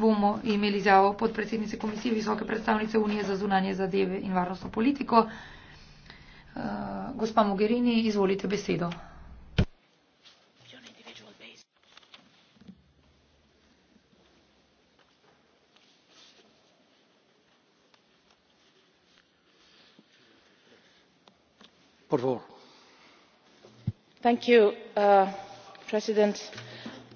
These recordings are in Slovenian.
bomo imeli izjavo podpredsednice komisije Visoke predstavnice Unije za zunanje zadeve in varnostno politiko. Eh, gospa Mogherini, izvolite besedo. Thank you, uh, President.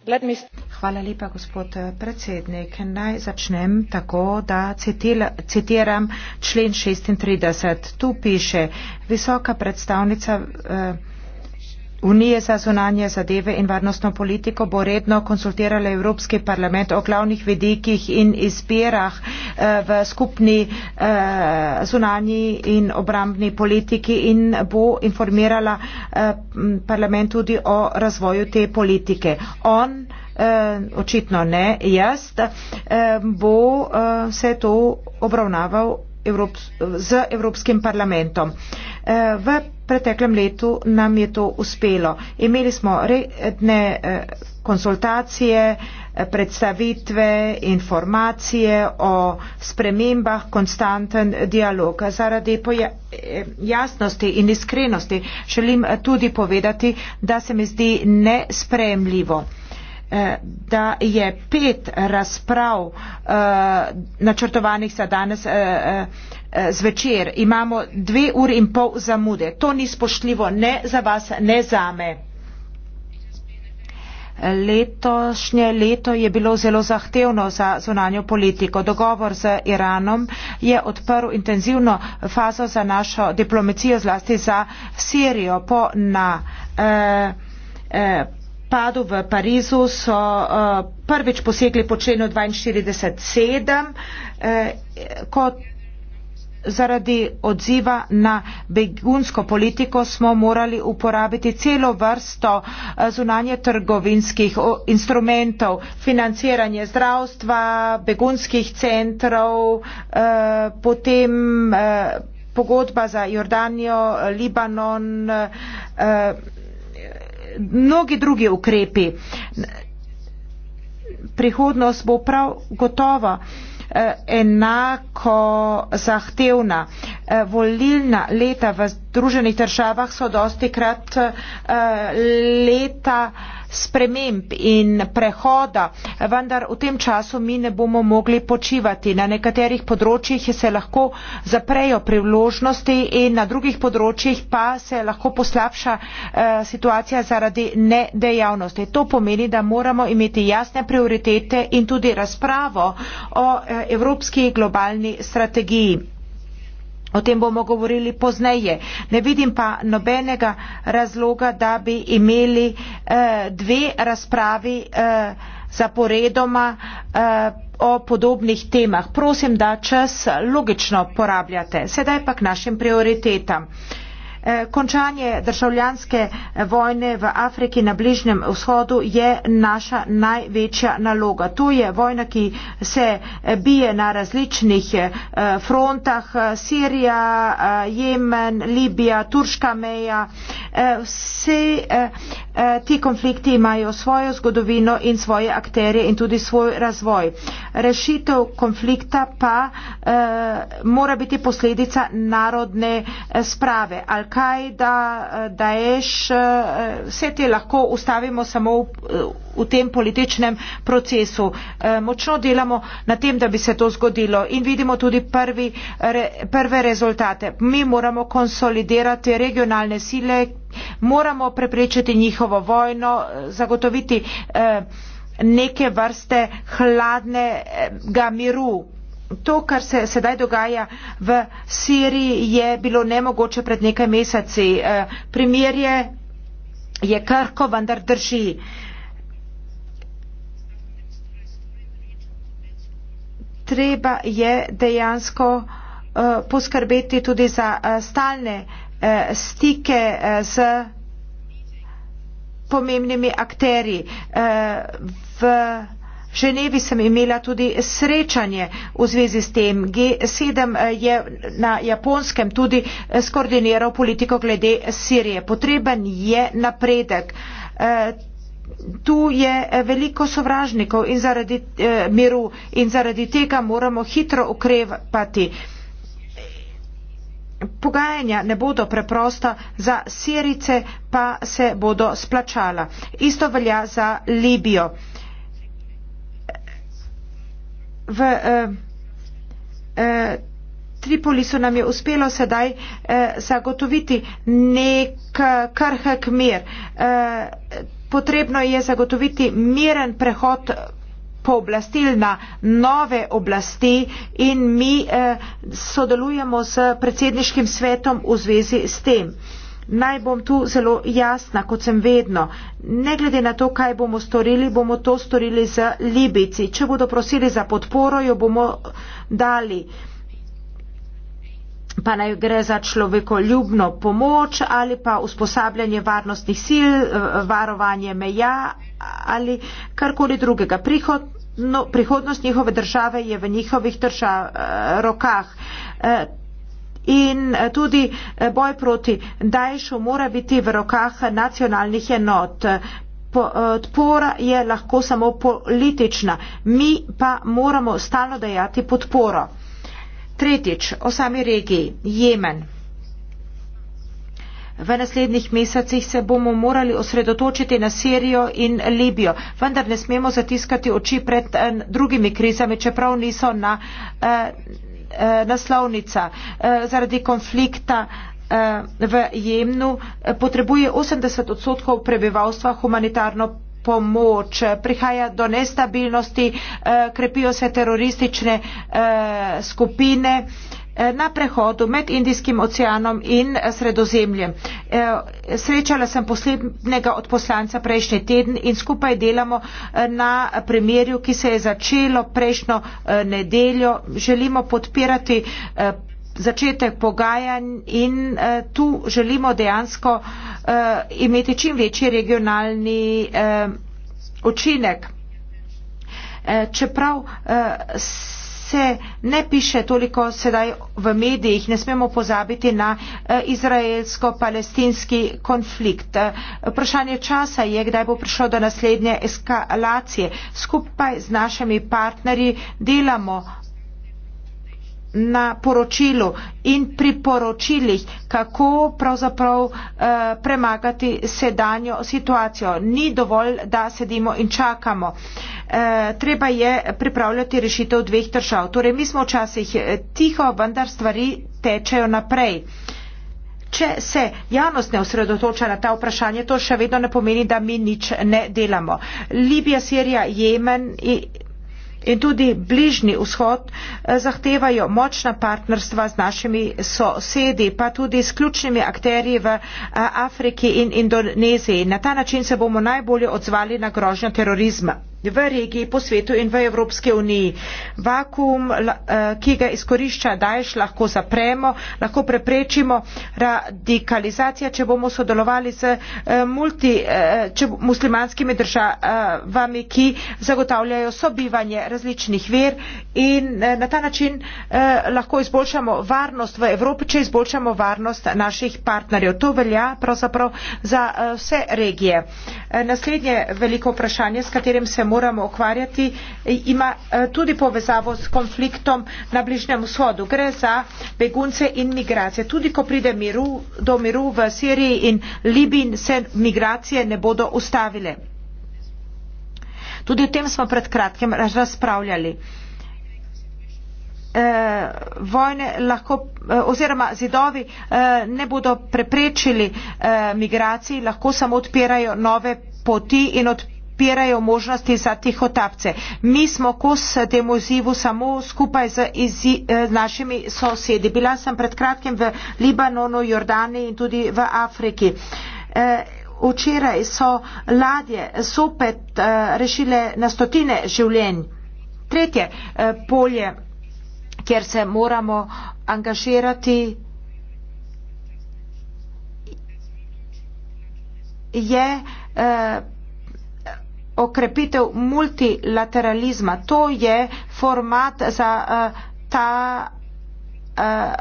Let me. St Hvala lepa, gospod eh, predsednik. Naj začnem tako, da citiram člen 36. Tu piše, visoka predstavnica eh, Unije za zunanje zadeve in varnostno politiko bo redno konsultirala Evropski parlament o glavnih vedikih in izbirah eh, v skupni zunanji in obrambni politiki in bo informirala parlament tudi o razvoju te politike. On Eh, očitno ne, jaz, eh, bo eh, se to obravnaval Evrop, z Evropskim parlamentom. V preteklem letu nam je to uspelo. Imeli smo redne konsultacije, predstavitve, informacije o spremembah, konstanten dialog. Zaradi jasnosti in iskrenosti želim tudi povedati, da se mi zdi nespremljivo. Eh, da je pet razprav eh, načrtovanih za danes eh, zvečer. Imamo dve uri in pol zamude. To ni spoštljivo ne za vas, ne za me. Letošnje leto je bilo zelo zahtevno za zunanjo politiko. Dogovor z Iranom je odprl intenzivno fazo za našo diplomacijo, zlasti za Sirijo. Po na, eh, eh, napadu v Parizu so uh, prvič posegli po členu 42.7. Uh, eh, zaradi odziva na begunsko politiko smo morali uporabiti celo vrsto eh, zunanje trgovinskih instrumentov, financiranje zdravstva, begunskih centrov, potem pogodba za Jordanijo, Libanon, mnogi drugi ukrepi. Prihodnost bo prav gotova eh, enako zahtevna. Eh, volilna leta v Združenih državah so dosti krat uh, eh, leta sprememb in prehoda, vendar v tem času mi ne bomo mogli počivati. Na nekaterih področjih se lahko zaprejo priložnosti in na drugih področjih pa se lahko poslabša eh, situacija zaradi nedejavnosti. To pomeni, da moramo imeti jasne prioritete in tudi razpravo o eh, evropski globalni strategiji. O tem bomo govorili pozneje. Ne vidim pa nobenega razloga, da bi imeli eh, dve razpravi eh, zaporedoma eh, o podobnih temah. Prosim, da čas logično porabljate. Sedaj pa k našim prioritetam. Eh, Eh, končanje državljanske eh, vojne v Afriki na Bližnjem vzhodu je naša največja naloga. Tu je vojna, ki se eh, bije na različnih frontah, Sirija, Jemen, Libija, Turška meja. Vsi ti konflikti imajo svojo zgodovino in svoje akterje in tudi svoj razvoj. Rešitev konflikta pa mora biti posledica narodne sprave. Al kaj, da, eh, da ješ, eh, vse te lahko ustavimo samo v, eh, v tem političnem procesu. Močno delamo na tem, da bi se to zgodilo in vidimo tudi prvi, re, prve rezultate. Mi moramo konsolidirati regionalne sile, moramo preprečiti njihovo vojno, zagotoviti neke vrste hladnega miru to, kar se sedaj dogaja v Siriji, je bilo nemogoče pred nekaj meseci. Eh, primer je, je krko, vendar drži. Treba je dejansko eh, poskrbeti tudi za eh, stalne stike z pomembnimi akteri. V ženevi sem imela tudi srečanje v zvezi s tem. G7 eh, je na japonskem tudi eh, skoordiniral politiko glede Sirije. Potreben je napredek. Eh, tu je veliko sovražnikov in zaradi eh, miru in zaradi tega moramo hitro ukrepati. Pogajanja ne bodo preprosta, za Sirice pa se bodo splačala. Isto velja za Libijo v eh, eh, Tripolisu nam je uspelo sedaj eh, zagotoviti nek eh, krhek mir. Eh, potrebno je zagotoviti miren prehod pooblastil na nove oblasti in mi eh, sodelujemo s predsedniškim svetom v zvezi s tem. Eh, Naj bom tu zelo jasna, kot sem vedno. Ne glede na to, kaj bomo storili, bomo to storili z Libici. Če bodo prosili za podporo, jo bomo dali. Pa naj gre za človekoljubno pomoč ali pa usposabljanje varnostnih sil, eh, varovanje meja ali karkoli drugega. Prihod, no, prihodnost njihove države je v njihovih držav, eh, rokah. E, in eh, tudi eh, boj proti Daješu mora biti v rokah nacionalnih enot. Eh, podpora je lahko samo politična, mi pa moramo stalno dajati podporo. Tretjič, o sami regiji, Jemen. V naslednjih mesecih se bomo morali osredotočiti na Sirijo in Libijo, vendar ne smemo zatiskati oči pred drugimi krizami, čeprav niso na. Eh, Eh, naslovnica eh, zaradi konflikta eh, v Jemnu potrebuje 80 odstotkov prebivalstva humanitarno pomoč, prihaja do nestabilnosti, krepijo se teroristične skupine, Eh, na prehodu med Indijskim oceanom in eh, Sredozemljem. Eh, srečala sem poslednjega od poslanca prejšnji teden in skupaj delamo na premjerju, ki se je začelo prejšnjo nedeljo. Želimo podpirati začetek pogajanj in tu želimo dejansko imeti čim večji regionalni učinek. Čeprav se ne piše toliko sedaj v medijih, ne smemo pozabiti na eh, izraelsko-palestinski konflikt. Eh, vprašanje časa je, kdaj bo prišlo do naslednje eskalacije. Skupaj z našimi partnerji delamo na poročilu in priporočilih, kako pravzaprav eh, premagati sedanjo situacijo. Ni dovolj, da sedimo in čakamo. Eh, treba je pripravljati rešitev dveh držav. Torej, mi smo včasih eh, tiho, vendar stvari tečejo naprej. Če se javnost ne osredotoča na ta vprašanja, to še vedno ne pomeni, da mi nič ne delamo. Libija, Sirija, Jemen, in tudi bližnji vzhod eh, zahtevajo močna partnerstva z našimi sosedi, pa tudi s ključnimi akterji v eh, Afriki in Indoneziji. Na ta način se bomo najbolje odzvali na grožnjo terorizma v regiji, po svetu in v Evropske uniji. Vakum, eh, ki ga izkorišča Daesh, lahko zapremo, lahko preprečimo radikalizacijo, če bomo sodelovali z eh, multi, eh, če, muslimanskimi državami, ki zagotavljajo sobivanje različnih ver in na ta način lahko izboljšamo varnost v Evropi, če izboljšamo varnost naših partnerjev. To velja pravzaprav za vse regije. Naslednje veliko vprašanje, s katerim se moramo moramo okvarjati, ima eh, tudi povezavo s konfliktom na Bližnjem vzhodu. Gre za begunce in migracije. Tudi, ko pride miru, do miru v Siriji in Libiji, se migracije ne bodo ustavile. Tudi o tem smo pred kratkim razpravljali. Eh, vojne lahko, eh, oziroma zidovi eh, ne bodo preprečili eh, migracij, lahko samo odpirajo nove poti in odpirajo odpirajo možnosti za tihotapce. Mi smo kos temu izzivu samo skupaj z, z, z eh, našimi sosedi. Bila sem pred kratkim v Libanonu, Jordaniji in tudi v Afriki. Eh, včeraj e, so ladje sopet e, eh, rešile na stotine življenj. Tretje e, polje, kjer se moramo angažirati. Je uh okrepitev multilateralizma. To je format za uh, ta uh,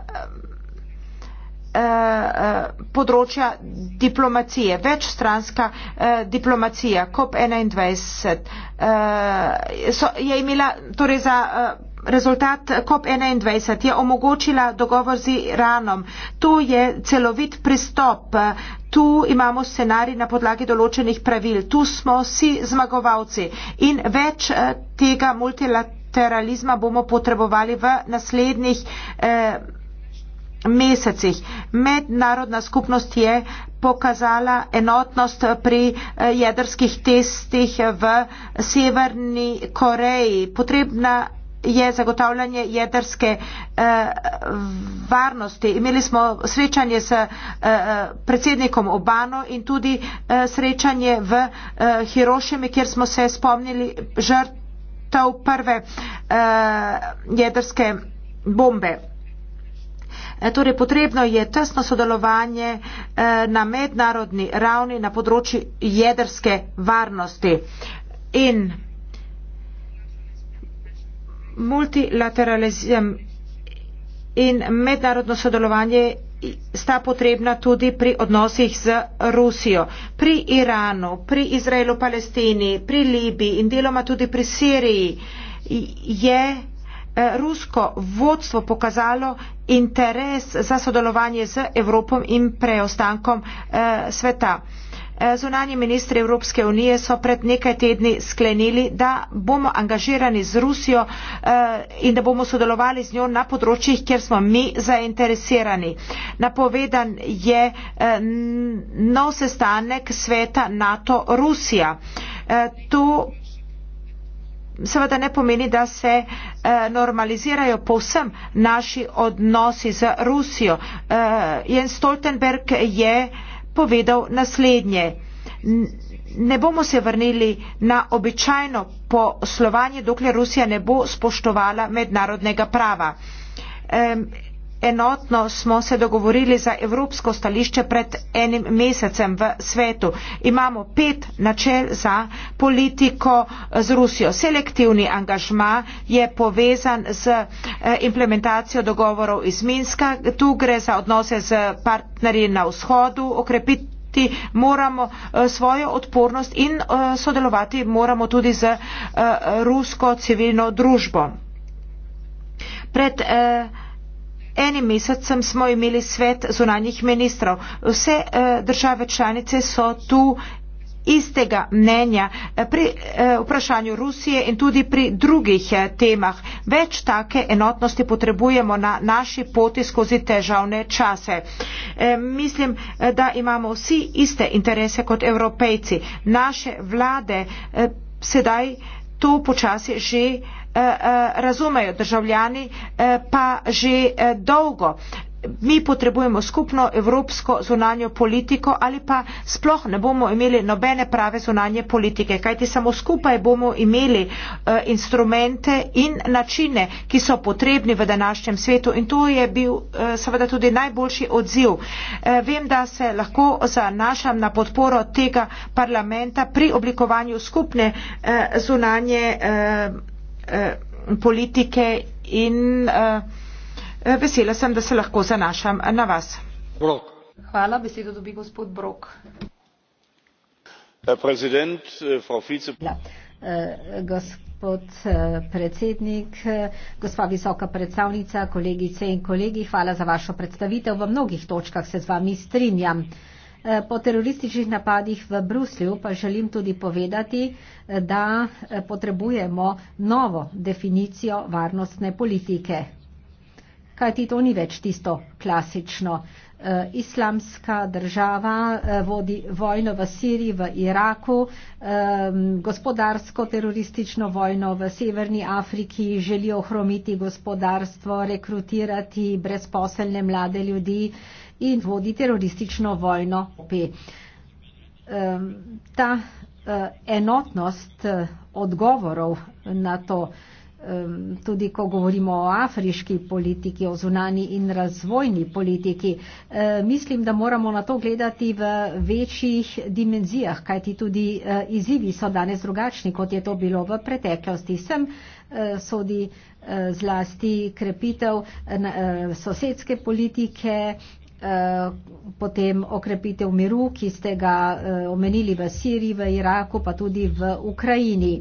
uh, področja diplomacije, večstranska uh, diplomacija, COP21. Uh, so, je imela torej za uh, rezultat COP21 je omogočila dogovor z Iranom. To je celovit pristop. Tu imamo scenarij na podlagi določenih pravil. Tu smo vsi zmagovalci in več eh, tega multilateralizma bomo potrebovali v naslednjih eh, mesecih. Mednarodna skupnost je pokazala enotnost pri eh, jedrskih testih v Severni Koreji. Potrebna je zagotavljanje jedrske eh, varnosti. Imeli smo srečanje s eh, predsednikom Obano in tudi eh, srečanje v eh, Hirošimi, kjer smo se spomnili žrtev prve eh, jedrske bombe. Eh, torej, potrebno je tesno sodelovanje eh, na mednarodni ravni na področju jedrske varnosti. In multilateralizem in mednarodno sodelovanje sta potrebna tudi pri odnosih z Rusijo. Pri Iranu, pri Izraelu, Palestini, pri Libiji in deloma tudi pri Siriji je eh, rusko vodstvo pokazalo interes za sodelovanje z Evropom in preostankom eh, sveta. Eh, zunanji ministri Evropske unije so pred nekaj tedni sklenili, da bomo angažirani z Rusijo eh, in da bomo sodelovali z njo na področjih, kjer smo mi zainteresirani. Napovedan je eh, nov sestanek sveta NATO-Rusija. To seveda ne pomeni, da se normalizirajo povsem naši odnosi z Rusijo. Jens Stoltenberg je povedal naslednje. Ne bomo se vrnili na običajno poslovanje, dokler Rusija ne bo spoštovala mednarodnega prava enotno smo se dogovorili za evropsko stališče pred enim mesecem v svetu. Imamo pet načel za politiko z Rusijo. Selektivni angažma je povezan z eh, implementacijo dogovorov iz Minska. Tu gre za odnose z partnerji na vzhodu, okrepiti moramo eh, svojo odpornost in eh, sodelovati moramo tudi z rusko civilno družbo. Pred eh, enim mesecem smo imeli svet zunanjih ministrov. Vse eh, države članice so tu istega mnenja eh, pri eh, vprašanju Rusije in tudi pri drugih temah. Več take enotnosti potrebujemo na naši poti skozi težavne čase. Mislim, da imamo vsi iste interese kot evropejci. Naše vlade sedaj to počasi že eh, eh, razumejo državljani eh, pa že eh, dolgo mi potrebujemo skupno evropsko zunanjo politiko ali pa sploh ne bomo imeli nobene prave zunanje politike, kajti samo skupaj bomo imeli uh, instrumente in načine, ki so potrebni v današnjem svetu in to je bil uh, seveda tudi najboljši odziv. Uh, vem, da se lahko zanašam na podporo tega parlamenta pri oblikovanju skupne uh, zunanje uh, uh, politike in uh, Eh, vesela sem da se lahko zanašam na vas. herr präsident eh, frau vizepräsidentin! Eh, po terorističnih napadih v Bruslju pa želim tudi povedati, da potrebujemo novo definicijo varnostne politike kajti to ni več tisto klasično. Eh, islamska država eh, vodi vojno v Siriji, v Iraku, eh, gospodarsko teroristično vojno v Severni Afriki, želijo ohromiti gospodarstvo, rekrutirati brezposelne mlade ljudi in vodi teroristično vojno. Ta enotnost odgovorov na to, tudi ko govorimo o afriški politiki, o zunani in razvojni politiki. Mislim, da moramo na to gledati v večjih dimenzijah, kajti tudi eh, izzivi so danes drugačni, kot je to bilo v preteklosti. Sem eh, sodi eh, zlasti krepitev sosedske politike, potem okrepitev miru, ki ste ga omenili v Siriji, v Iraku, pa tudi v Ukrajini.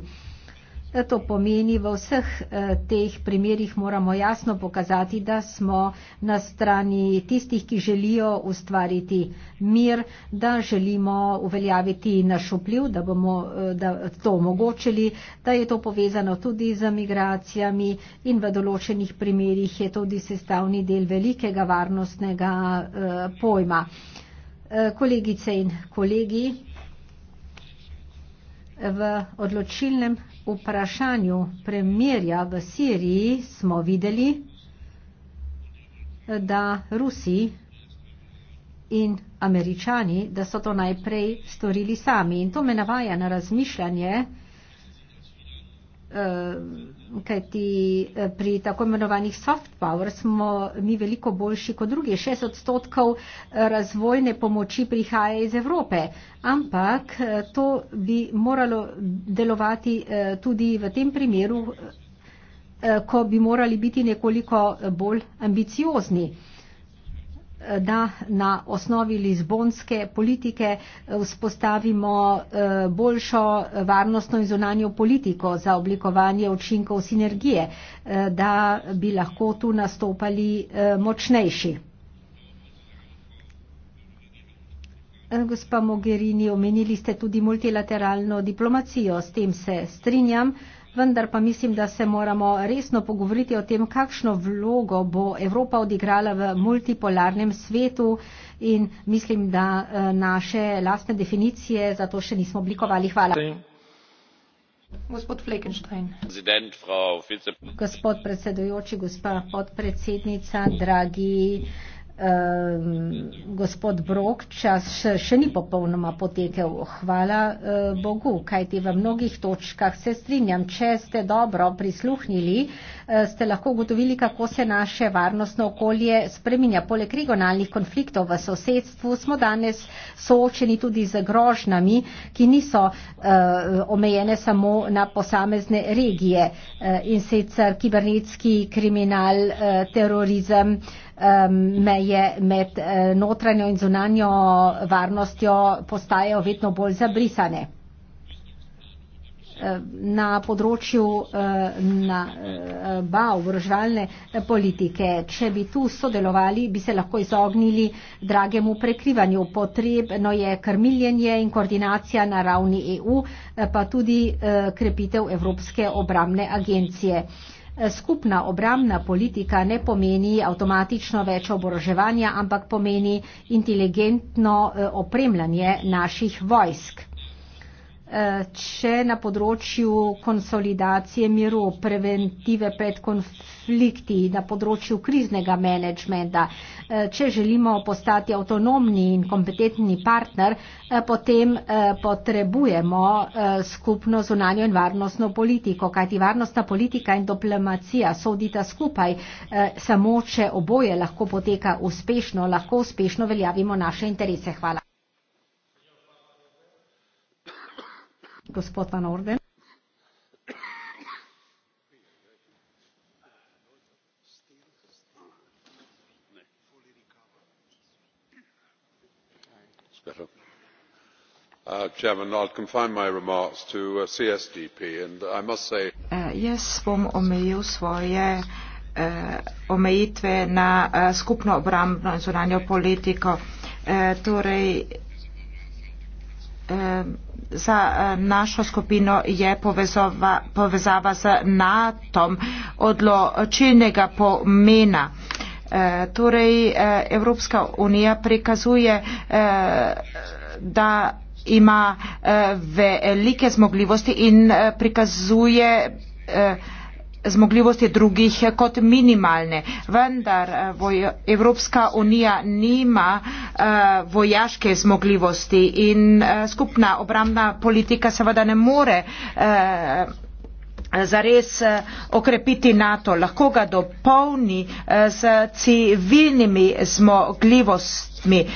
To pomeni, v vseh eh, teh primerjih moramo jasno pokazati, da smo na strani tistih, ki želijo ustvariti mir, da želimo uveljaviti naš vpliv, da bomo eh, da to omogočili, da je to povezano tudi z migracijami in v določenih primerjih je tudi sestavni del velikega varnostnega eh, pojma. Kolegice in kolegi, v odločilnem vprašanju premirja v Siriji smo videli, da Rusi in američani, da so to najprej storili sami. In to me navaja na razmišljanje, Eh, kajti eh, pri tako imenovanih soft power smo mi veliko boljši kot drugi. 6 odstotkov eh, razvojne pomoči prihaja iz Evrope, ampak to bi moralo delovati tudi v tem primeru, ko bi morali biti nekoliko bolj ambiciozni da na osnovi Lizbonske politike eh, vzpostavimo eh, boljšo eh, varnostno in zunanjo politiko za oblikovanje učinkov sinergije, da bi lahko tu nastopali močnejši. Gospa Mogherini, omenili ste tudi multilateralno diplomacijo, s tem se strinjam vendar pa mislim, da se moramo resno pogovoriti o tem, kakšno vlogo bo Evropa odigrala v multipolarnem svetu in mislim, da eh, naše lastne definicije za to še nismo oblikovali. Hvala. Gospod Fleckenstein. Gospod predsedujoči, gospa podpredsednica, dragi. Uh, gospod Brok, čas še, še ni popolnoma potekel. Hvala eh, Bogu, kajti v mnogih točkah se strinjam. Če ste dobro prisluhnili, eh, ste lahko ugotovili, kako se naše varnostno okolje spreminja. Poleg regionalnih konfliktov v sosedstvu smo danes soočeni tudi z grožnami, ki niso eh, omejene samo na posamezne regije eh, in sicer kibernetski kriminal, eh, terorizem. Eh, me je med eh, notranjo in zunanjo varnostjo postajajo vedno bolj zabrisane. Na področju eh, nabav, eh, vrožvalne politike, če bi tu sodelovali, bi se lahko izognili dragemu prekrivanju. Potrebno je krmiljenje in koordinacija na ravni EU, pa tudi krepitev Evropske obramne agencije skupna obramna politika ne pomeni avtomatično več oboroževanja, ampak pomeni inteligentno eh, opremljanje naših vojsk. Eh, če na področju konsolidacije miru, preventive pred konfliktom, konflikti na področju kriznega menedžmenta. Eh, če želimo postati avtonomni in kompetentni partner, eh, potem eh, potrebujemo skupno zunanjo in varnostno politiko, kajti varnostna politika in diplomacija sodita skupaj, samo če oboje lahko poteka uspešno, lahko uspešno veljavimo naše interese. Hvala. Gospod Van Orden. Uh, not confine my remarks to uh, CSDP and I must say uh, Jaz bom omejil svoje omejitve na skupno obrambno in zunanjo politiko. Torej, za našo skupino je povezava, povezava z NATO odločilnega pomena. Torej, Evropska unija prikazuje, da ima eh, velike zmogljivosti in eh, prikazuje eh, zmogljivosti drugih kot minimalne. Vendar Evropska unija nima vojaške zmogljivosti in skupna obramna politika seveda ne more zares okrepiti NATO. Lahko ga dopolni z civilnimi zmogljivostmi,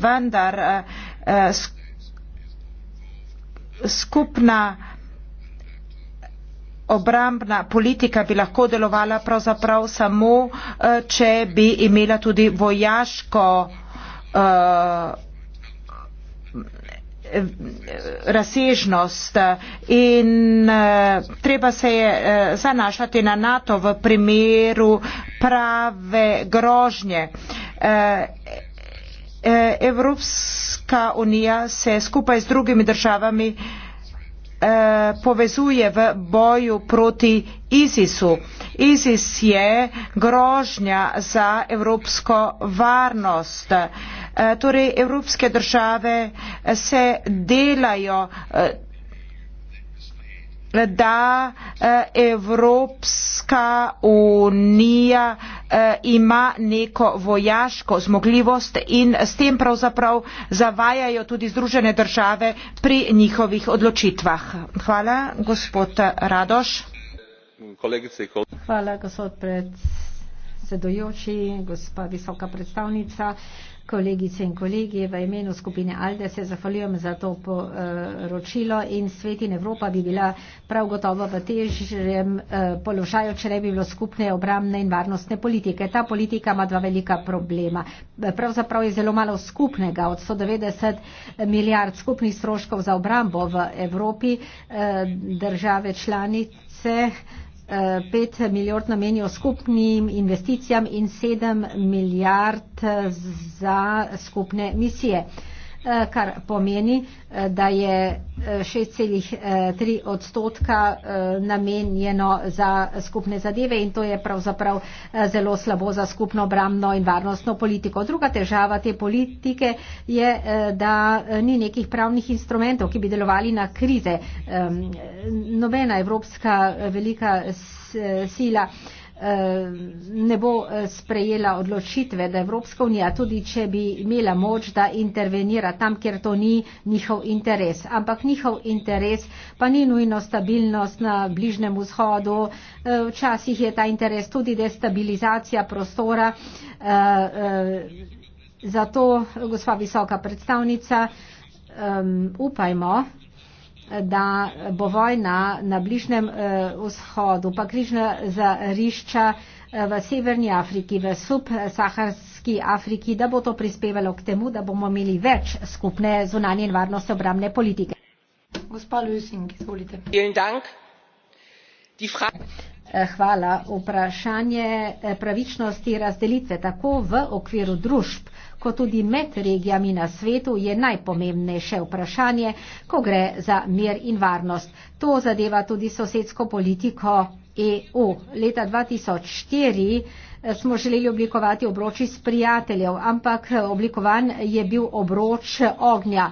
vendar skupna skupna obrambna politika bi lahko delovala pravzaprav samo, eh, če bi imela tudi vojaško eh, razsežnost in eh, treba se je zanašati na NATO v primeru prave grožnje. Eh, Evropska unija se skupaj z drugimi državami eh, povezuje v boju proti ISISu. ISIS je grožnja za evropsko varnost. Eh, torej, evropske države se delajo da eh, Evropska unija eh, ima neko vojaško zmogljivost in s tem pravzaprav zavajajo tudi združene države pri njihovih odločitvah. Hvala, gospod Radoš. Hvala, gospod predsedujoči, gospa visoka predstavnica. Kolegice in kolegi, v imenu skupine ALDE se zahvaljujem za to poročilo in svetin Evropa bi bila prav gotovo v težjem eh, položaju, če ne bi bilo skupne obramne in varnostne politike. Ta politika ima dva velika problema. Pravzaprav je zelo malo skupnega od 190 milijard skupnih stroškov za obrambo v Evropi eh, države članice. Eh, pet milijard namenijo skupnim investicijam in sedem milijard za skupne misije kar pomeni, eh, da je 6,3 eh, eh, odstotka namenjeno za skupne zadeve in to je pravzaprav zelo slabo za skupno obramno in varnostno politiko. Druga težava te politike je, da ni nekih pravnih instrumentov, ki bi delovali na krize. Nobena evropska velika sila ne bo eh, sprejela odločitve, da Evropska unija, tudi če bi imela moč, da intervenira tam, kjer to ni njihov interes. Ampak njihov interes pa ni nujno stabilnost na Bližnem vzhodu. Eh, včasih je ta interes tudi destabilizacija prostora. Eh, zato, gospa visoka predstavnica, ehm, upajmo, da bo vojna na Bližnem eh, vzhodu, pa križna zarišča eh, v Severni Afriki, v subsaharski Afriki, da bo to prispevalo k temu, da bomo imeli več skupne zunanje in varnostne obramne politike. Gospa Ljusing, izvolite. Eh, hvala. Vprašanje pravičnosti razdelitve tako v okviru družb, kot tudi med regijami na svetu je najpomembnejše vprašanje, ko gre za mir in varnost. To zadeva tudi sosedsko politiko EU. Leta 2004 eh, smo želeli oblikovati obroč iz prijateljev, ampak eh, oblikovan je bil obroč ognja.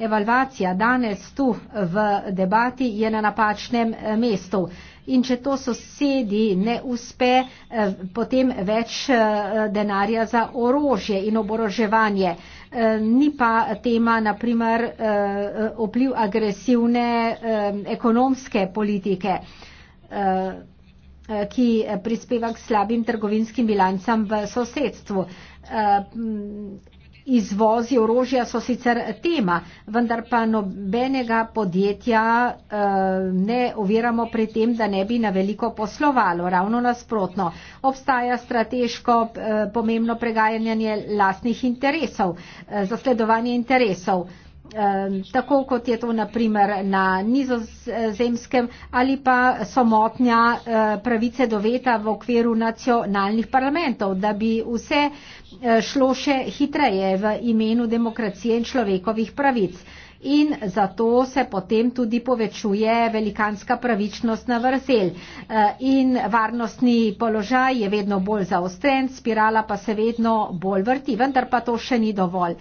Evalvacija danes tu v debati je na napačnem eh, mestu. In če to sosedi ne uspe, eh, potem več eh, denarja za orožje in oboroževanje. Eh, ni pa tema, naprimer, vpliv agresivne ekonomske politike, ki prispeva k slabim trgovinskim bilancam v sosedstvu. Izvozi orožja so sicer tema, vendar pa nobenega podjetja eh, ne oviramo pri tem, da ne bi na veliko poslovalo. Ravno nasprotno, obstaja strateško eh, pomembno preganjanje lastnih interesov, eh, zasledovanje interesov tako kot je to naprimer na nizozemskem ali pa somotnja e, pravice do veta v okviru nacionalnih parlamentov, da bi vse e, šlo še hitreje v imenu demokracije in človekovih pravic in zato se potem tudi povečuje velikanska pravičnost na vrzel. Eh, in varnostni položaj je vedno bolj zaostren, spirala pa se vedno bolj vrti, vendar pa to še ni dovolj.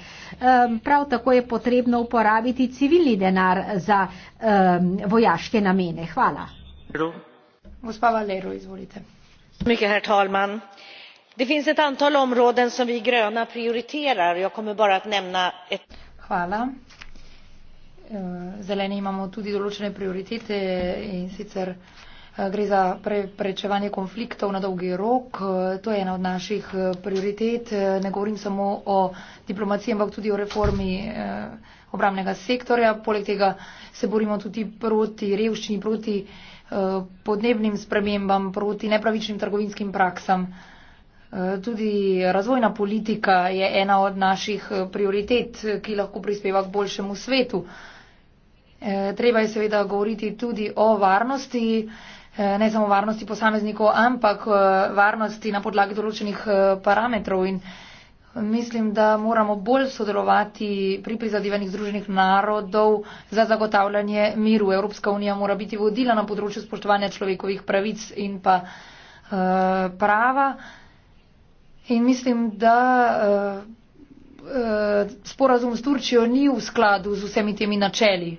Prav tako je potrebno uporabiti civilni denar za vojaške namene. Hvala. Gospa Valero, izvolite. Hvala. Eh, zeleni imamo tudi določene prioritete in sicer eh, gre za preprečevanje konfliktov na dolgi rok. Eh, to je ena od naših prioritet. Ne govorim samo o diplomaciji, ampak tudi o reformi obramnega sektorja. Poleg tega se borimo tudi proti revščini, proti podnebnim spremembam, proti nepravičnim trgovinskim praksam. Tudi razvojna politika je ena od naših prioritet, ki lahko prispeva k boljšemu svetu. Eh, treba je seveda govoriti tudi o varnosti, eh, ne samo varnosti posameznikov, ampak eh, varnosti na podlagi določenih parametrov. In mislim, da moramo bolj sodelovati pri prizadevanjih Združenih narodov za zagotavljanje miru. Evropska unija mora biti vodila na področju spoštovanja človekovih pravic in pa prava. In mislim, da sporazum s Turčijo ni v skladu z vsemi temi načeli.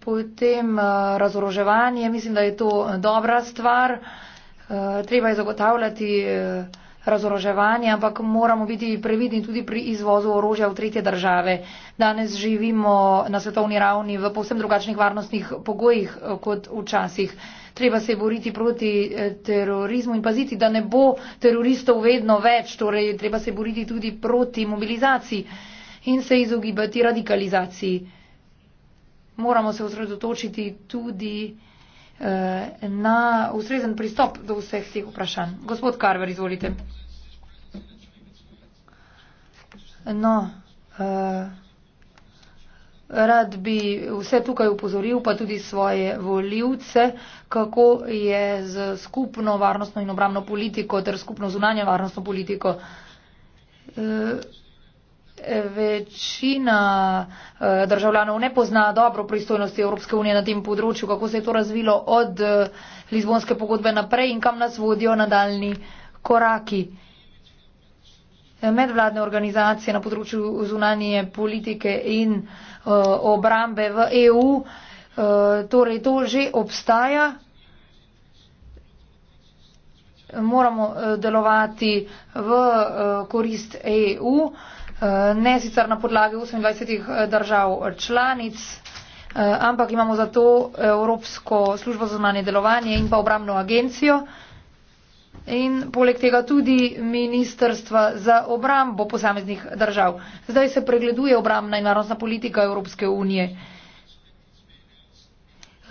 Potem eh, razoroževanje, mislim, da je to dobra stvar. Eh, treba je zagotavljati eh, razoroževanje, ampak moramo biti previdni tudi pri izvozu orožja v tretje države. Danes živimo na svetovni ravni v povsem drugačnih varnostnih pogojih kot včasih. Treba se boriti proti terorizmu in paziti, da ne bo teroristov vedno več. Torej, treba se boriti tudi proti mobilizaciji in se izogibati radikalizaciji moramo se osredotočiti tudi eh, na ustrezen pristop do vseh teh vprašanj. Gospod Karver, izvolite. No, eh, rad bi vse tukaj upozoril, pa tudi svoje voljivce, kako je z skupno varnostno in obramno politiko ter skupno zunanje varnostno politiko. Eh, večina eh, državljanov ne pozna dobro pristojnosti Evropske unije na tem področju, kako se je to razvilo od eh, Lizbonske pogodbe naprej in kam nas vodijo nadaljni koraki. Medvladne organizacije na področju zunanje politike in eh, obrambe v EU, torej to že obstaja. Moramo delovati v korist EU. Eh, ne sicer na podlagi 28 eh, držav eh, članic, ampak imamo za to Evropsko službo za znanje delovanje in pa obramno agencijo. In poleg tega tudi ministrstva za obrambo posameznih držav. Zdaj se pregleduje obramna in varnostna politika Evropske unije. Uh,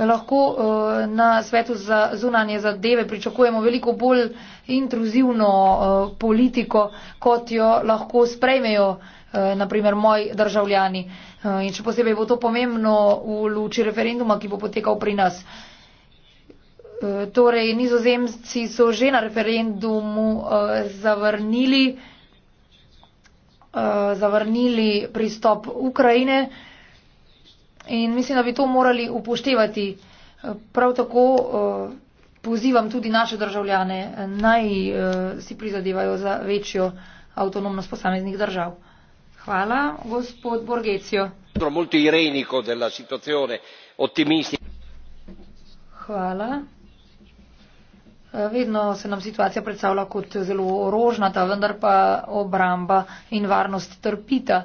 lahko eh, na svetu za zunanje zadeve pričakujemo veliko bolj intruzivno eh, politiko, kot jo lahko sprejmejo eh, naprimer moji državljani. In če posebej bo to pomembno v luči referenduma, ki bo potekal pri nas. Torej, nizozemci so že na referendumu zavrnili, zavrnili pristop Ukrajine. In mislim, da bi to morali upoštevati. Prav tako eh, pozivam tudi naše državljane, eh, naj eh, si prizadevajo za večjo avtonomnost posameznih držav. Hvala, gospod Borgecio. Hvala. Vedno se nam situacija predstavlja kot zelo rožnata, vendar pa obramba in varnost trpita.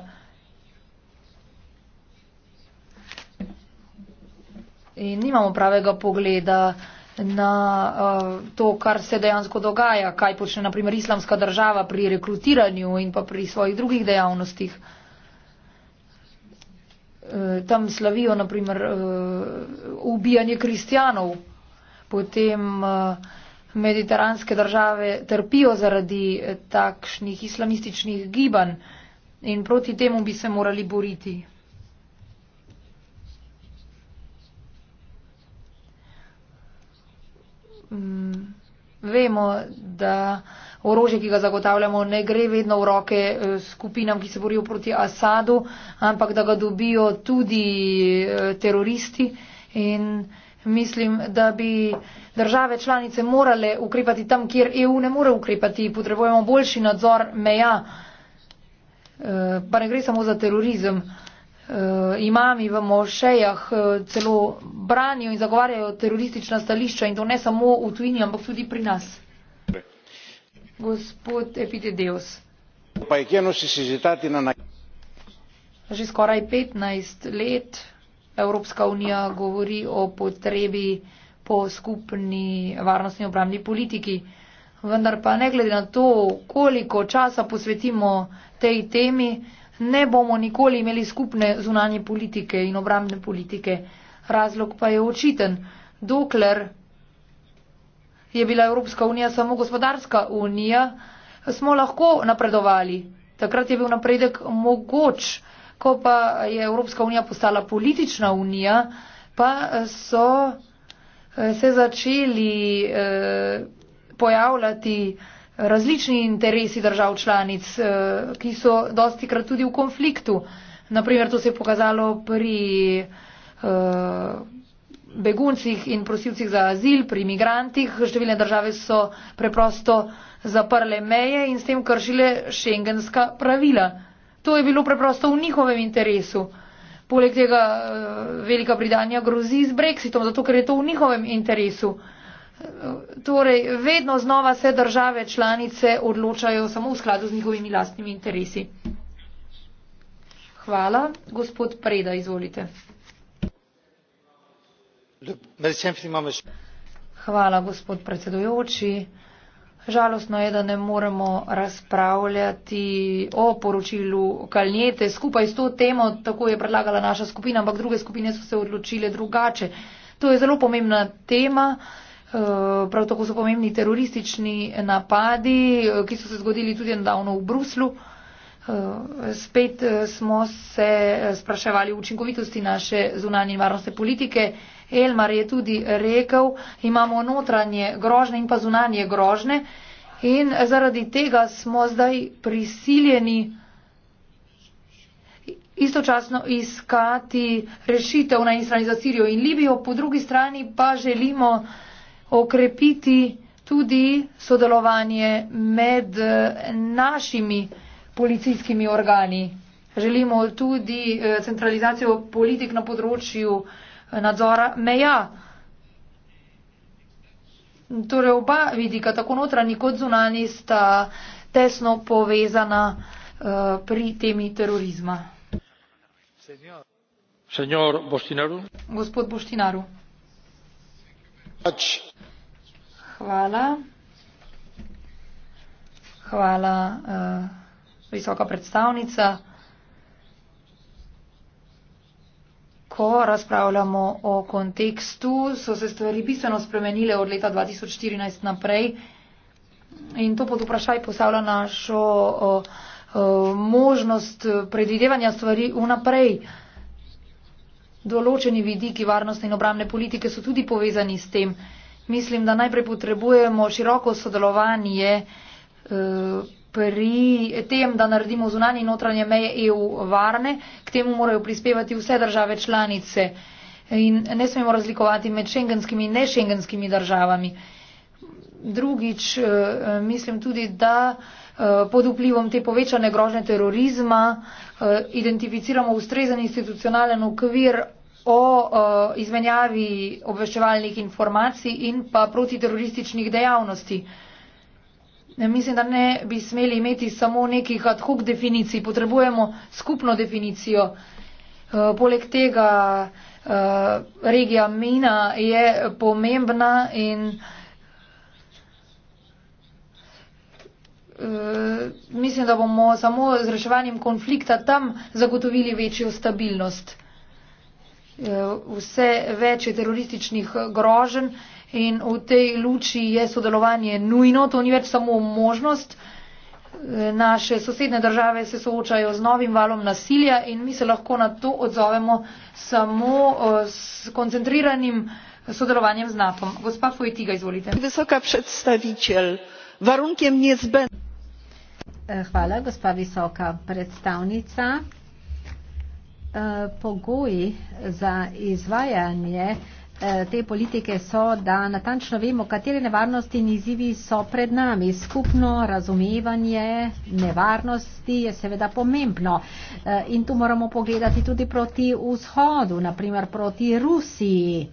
in nimamo pravega pogleda na uh, to, kar se dejansko dogaja, kaj počne naprimer islamska država pri rekrutiranju in pa pri svojih drugih dejavnostih. Uh, tam slavijo naprimer uh, eh, ubijanje kristjanov, potem uh, mediteranske države trpijo zaradi takšnih islamističnih gibanj in proti temu bi se morali boriti. mm, vemo, da orožje, ki ga zagotavljamo, ne gre vedno v roke eh, skupinam, ki se borijo proti Asadu, ampak da ga dobijo tudi eh, teroristi. In mislim, da bi države članice morale ukrepati tam, kjer EU ne more ukrepati. Potrebujemo boljši nadzor meja, eh, pa ne gre samo za terorizem uh, imami v mošejah uh, celo branijo in zagovarjajo teroristična stališča in to ne samo v tujini, ampak tudi pri nas. Gospod Epidedeus. Pa je kjeno si sezitati na naj. Že skoraj 15 let Evropska unija govori o potrebi po skupni varnostni obramni politiki. Vendar pa ne glede na to, koliko časa posvetimo tej temi, ne bomo nikoli imeli skupne zunanje politike in obramne politike. Razlog pa je očiten. Dokler je bila Evropska unija samo gospodarska unija, smo lahko napredovali. Takrat je bil napredek mogoč. Ko pa je Evropska unija postala politična unija, pa so eh, se začeli eh, pojavljati eh, različni interesi držav članic, eh, ki so dosti krat tudi v konfliktu. Naprimer, to se je pokazalo pri eh, beguncih in prosilcih za azil, pri imigrantih. Številne države so preprosto zaprle meje in s tem kršile šengenska pravila. To je bilo preprosto v njihovem interesu. Poleg tega eh, Velika Britanija grozi z brexitom, zato ker je to v njihovem interesu. Torej, vedno znova se države članice odločajo samo v skladu z njihovimi lastnimi interesi. Hvala. Gospod Preda, izvolite. Hvala, gospod predsedujoči. Žalostno je, da ne moremo razpravljati o poročilu Kalnjete skupaj s to temo, tako je predlagala naša skupina, ampak druge skupine so se odločile drugače. To je zelo pomembna tema. Eh, prav tako so pomembni teroristični napadi, eh, ki so se zgodili tudi nedavno v Bruslu. Eh, spet smo se spraševali o učinkovitosti naše zunanje varnostne politike. Elmar je tudi rekel, imamo notranje grožne in pa zunanje grožne in zaradi tega smo zdaj prisiljeni istočasno iskati rešitev na eni strani za Sirijo in Libijo, po drugi strani pa želimo okrepiti tudi sodelovanje med eh, našimi policijskimi organi. Želimo tudi eh, centralizacijo politik na področju eh, nadzora meja. Torej oba vidika, tako notranji kot zunani, sta tesno povezana uh, pri temi terorizma. Senjor. Senjor Boštinaru. Gospod Boštinaru. Pač Hvala. Hvala, uh, visoka predstavnica. Ko razpravljamo o kontekstu, so se stvari bistveno spremenile od leta 2014 naprej in to pod vprašaj postavlja našo o, eh, o, eh, možnost predvidevanja stvari vnaprej. Določeni vidiki varnostne in obramne politike so tudi povezani s tem. Mislim, da najprej potrebujemo široko sodelovanje eh, pri tem, da naredimo zunanje in notranje meje EU varne. K temu morajo prispevati vse države članice in ne smemo razlikovati med šengenskimi in nešengenskimi državami. Drugič, eh, mislim tudi, da eh, pod vplivom te povečane grožne terorizma identificiramo ustrezen institucionalen okvir o uh, izmenjavi obveščevalnih informacij in pa protiterorističnih dejavnosti. Ne, mislim, da ne bi smeli imeti samo nekih ad hoc definicij, potrebujemo skupno definicijo. Uh, poleg tega uh, regija Mina je pomembna in uh, mislim, da bomo samo z reševanjem konflikta tam zagotovili večjo stabilnost. Eh, vse več je terorističnih grožen in v tej luči je sodelovanje nujno, to ni več samo možnost. Eh, naše sosedne države se soočajo z novim valom nasilja in mi se lahko na to odzovemo samo eh, s koncentriranim sodelovanjem z NATO. Gospa Fojtiga, izvolite. Visoka predstavitelj, varunkem nje zben. Hvala, gospa visoka predstavnica. Eh, pogoji za izvajanje eh, te politike so, da natančno vemo, katere nevarnosti in izzivi so pred nami. Skupno razumevanje nevarnosti je seveda pomembno eh, in tu moramo pogledati tudi proti vzhodu, naprimer proti Rusiji.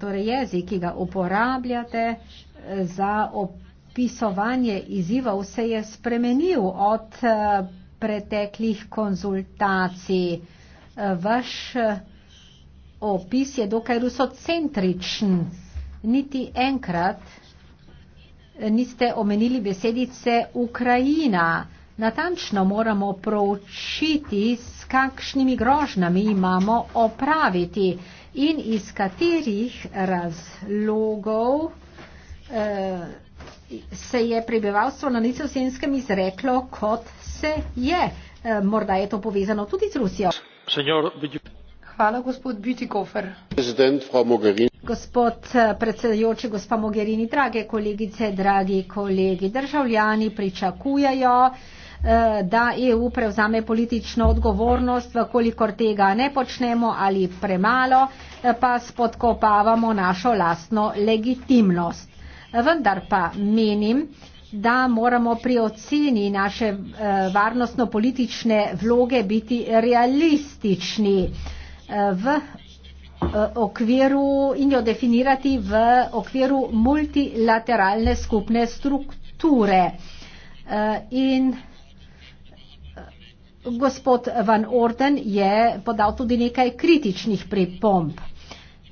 Torej jezik, ki ga uporabljate za opravljanje pisovanje izzivov se je spremenil od eh, preteklih konzultacij. Eh, vaš eh, opis je dokaj rusocentričen. Niti enkrat niste omenili besedice Ukrajina. Natančno moramo proučiti, s kakšnimi grožnami imamo opraviti in iz katerih razlogov eh, se je prebivalstvo na Nicosenskem izreklo, kot se je. E, morda je to povezano tudi z Rusijo. Hvala, gospod Bitikofer. Gospod e, predsedujoči, gospa Mogherini, drage kolegice, dragi kolegi, državljani pričakujajo, e, da EU prevzame politično odgovornost, kolikor tega ne počnemo ali premalo, pa spodkopavamo našo lastno legitimnost vendar pa menim, da moramo pri oceni naše eh, varnostno-politične vloge biti realistični eh, v eh, okviru in jo definirati v okviru multilateralne skupne strukture. In gospod Van Orden je podal tudi nekaj kritičnih pripomb.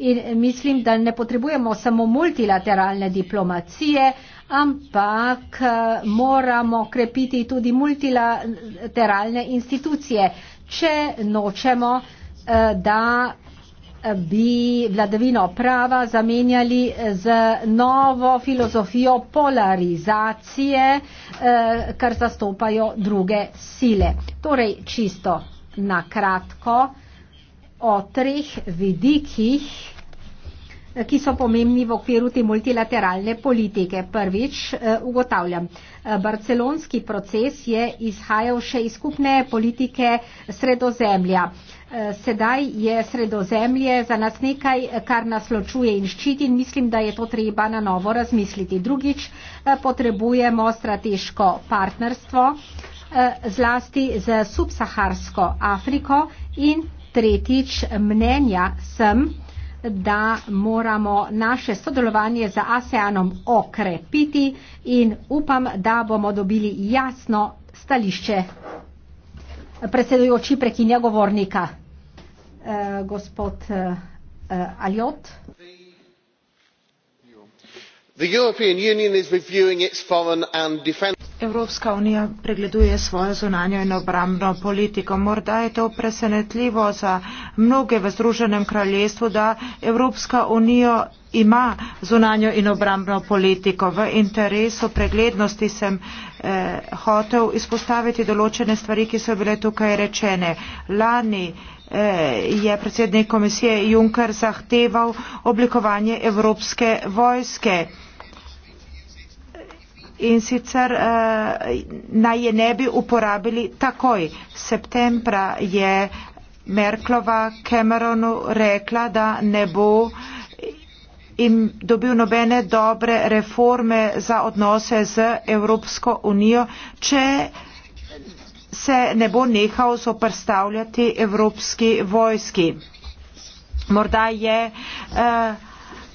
In mislim, da ne potrebujemo samo multilateralne diplomacije, ampak eh, moramo krepiti tudi multilateralne institucije, če nočemo, eh, da eh, bi vladavino prava zamenjali z novo filozofijo polarizacije, kar zastopajo druge sile. Torej, čisto na kratko o treh vidikih, ki so pomembni v okviru te multilateralne politike. Prvič eh, ugotavljam, eh, barcelonski proces je izhajal še iz skupne politike sredozemlja. Eh, sedaj je sredozemlje za nas nekaj, kar nas ločuje in ščiti in mislim, da je to treba na novo razmisliti. Drugič, potrebujemo strateško partnerstvo zlasti z subsaharsko Afriko in Tretjič, mnenja sem, da moramo naše sodelovanje z ASEANom okrepiti in upam, da bomo dobili jasno stališče. Predsedujoči prekinja govornika. E, gospod e, Aljot. The European Union is reviewing its foreign and defence. Evropska unija pregleduje svojo zunanjo in obrambno politiko. Morda je to presenetljivo za mnoge v Združenem kraljestvu, da Evropska unija ima zunanjo in obrambno politiko. V interesu preglednosti sem eh, hotel izpostaviti določene stvari, ki so bile tukaj rečene. Lani eh, je predsednik komisije Juncker zahteval oblikovanje Evropske vojske in sicer eh, naj je ne bi uporabili takoj. Septembra je Merklova Cameronu rekla, da ne bo in dobil nobene dobre reforme za odnose z Evropsko unijo, če se ne bo nehal soprstavljati Evropski vojski. Morda je eh,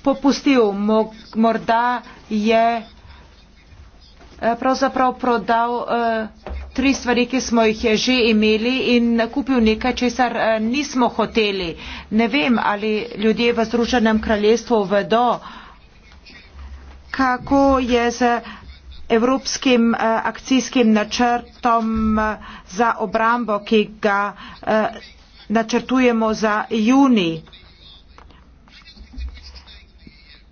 popustil, mo morda je Eh, pravzaprav prodal eh, tri stvari, ki smo jih že imeli in kupil nekaj, česar eh, nismo hoteli. Ne vem, ali ljudje v Združenem kraljestvu vedo, kako je z evropskim akcijskim načrtom za obrambo, ki ga načrtujemo za juni.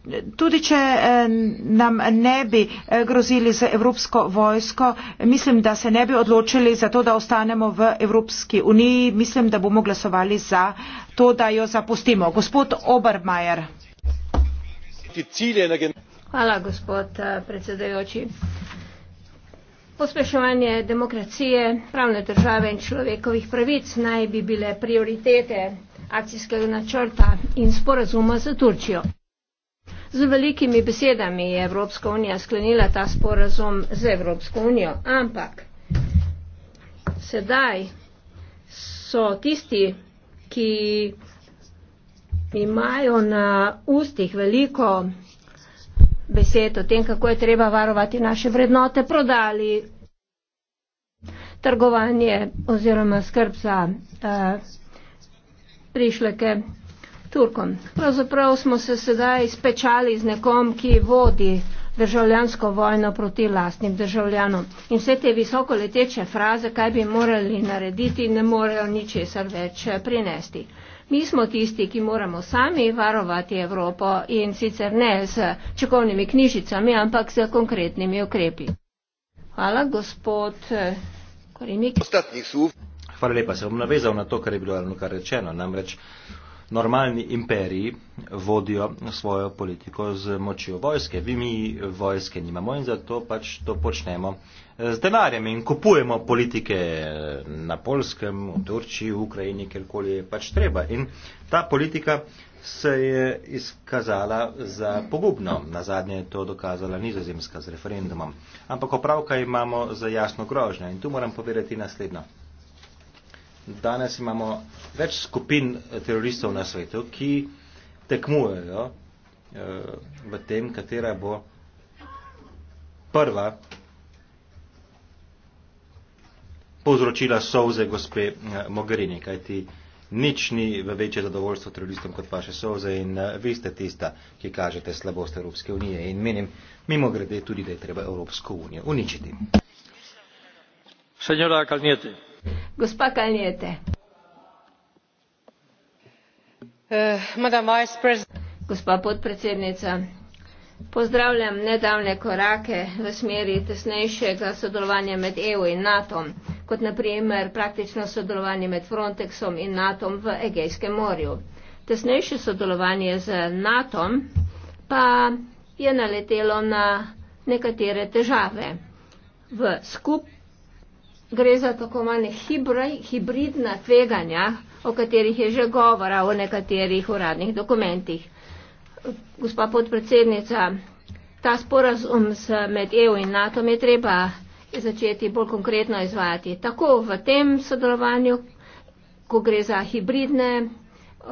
Tudi, če eh, nam ne bi eh, grozili z Evropsko vojsko, mislim, da se ne bi odločili za to, da ostanemo v Evropski uniji. Mislim, da bomo glasovali za to, da jo zapustimo. Gospod Obermajer. Hvala, gospod eh, predsedajoči. Pospeševanje demokracije, pravne države in človekovih pravic naj bi bile prioritete akcijskega načrta in sporazuma za Turčijo. Z velikimi besedami je Evropska unija sklenila ta sporazum z Evropsko unijo, ampak sedaj so tisti, ki imajo na ustih veliko besed o tem, kako je treba varovati naše vrednote, prodali trgovanje oziroma skrb za eh, prišleke Turkom. Pravzaprav smo se sedaj spečali z nekom, ki vodi državljansko vojno proti lastnim državljanom. In vse te visokoleteče fraze, kaj bi morali narediti, ne morejo ničesar več eh, prinesti. Mi smo tisti, ki moramo sami varovati Evropo in sicer ne s čakovnimi knjižicami, ampak s konkretnimi ukrepi. Hvala, gospod eh, Korimik. Hvala lepa, se bom navezal na to, kar je bilo ravno kar rečeno. Namreč normalni imperiji vodijo svojo politiko z močjo vojske. Vi mi vojske nimamo in zato pač to počnemo z denarjem in kupujemo politike na Polskem, v Turčiji, v Ukrajini, kjerkoli je pač treba. In ta politika se je izkazala za pogubno. Na zadnje je to dokazala nizozemska z referendumom. Ampak opravka imamo za jasno grožnjo in tu moram povedati naslednjo danes imamo več skupin eh, teroristov na svetu, ki tekmujejo eh, v tem, katera bo prva povzročila solze gospe eh, Mogherini, kajti nič ni v večje zadovoljstvo teroristom kot vaše solze in vi ste tista, ki kažete slabost Evropske unije in menim, mimo grede tudi, da je treba Evropsko unijo uničiti. Signora Calniete, gospa kaljete eh, gospa podpredsednica pozdravljam nedavne korake v smeri tesnejšega sodelovanja med EU in NATO kot na primer praktično sodelovanje med Frontexom in NATO-om v Egejskem morju. Tesnejše sodelovanje z NATO-om pa je naletelo na nekatere težave. V skup gre za tako manj hibridna tveganja, o katerih je že govora v nekaterih uradnih dokumentih. Gospa podpredsednica, ta sporazum med EU in NATO je treba začeti bolj konkretno izvajati. Tako v tem sodelovanju, ko gre za hibridne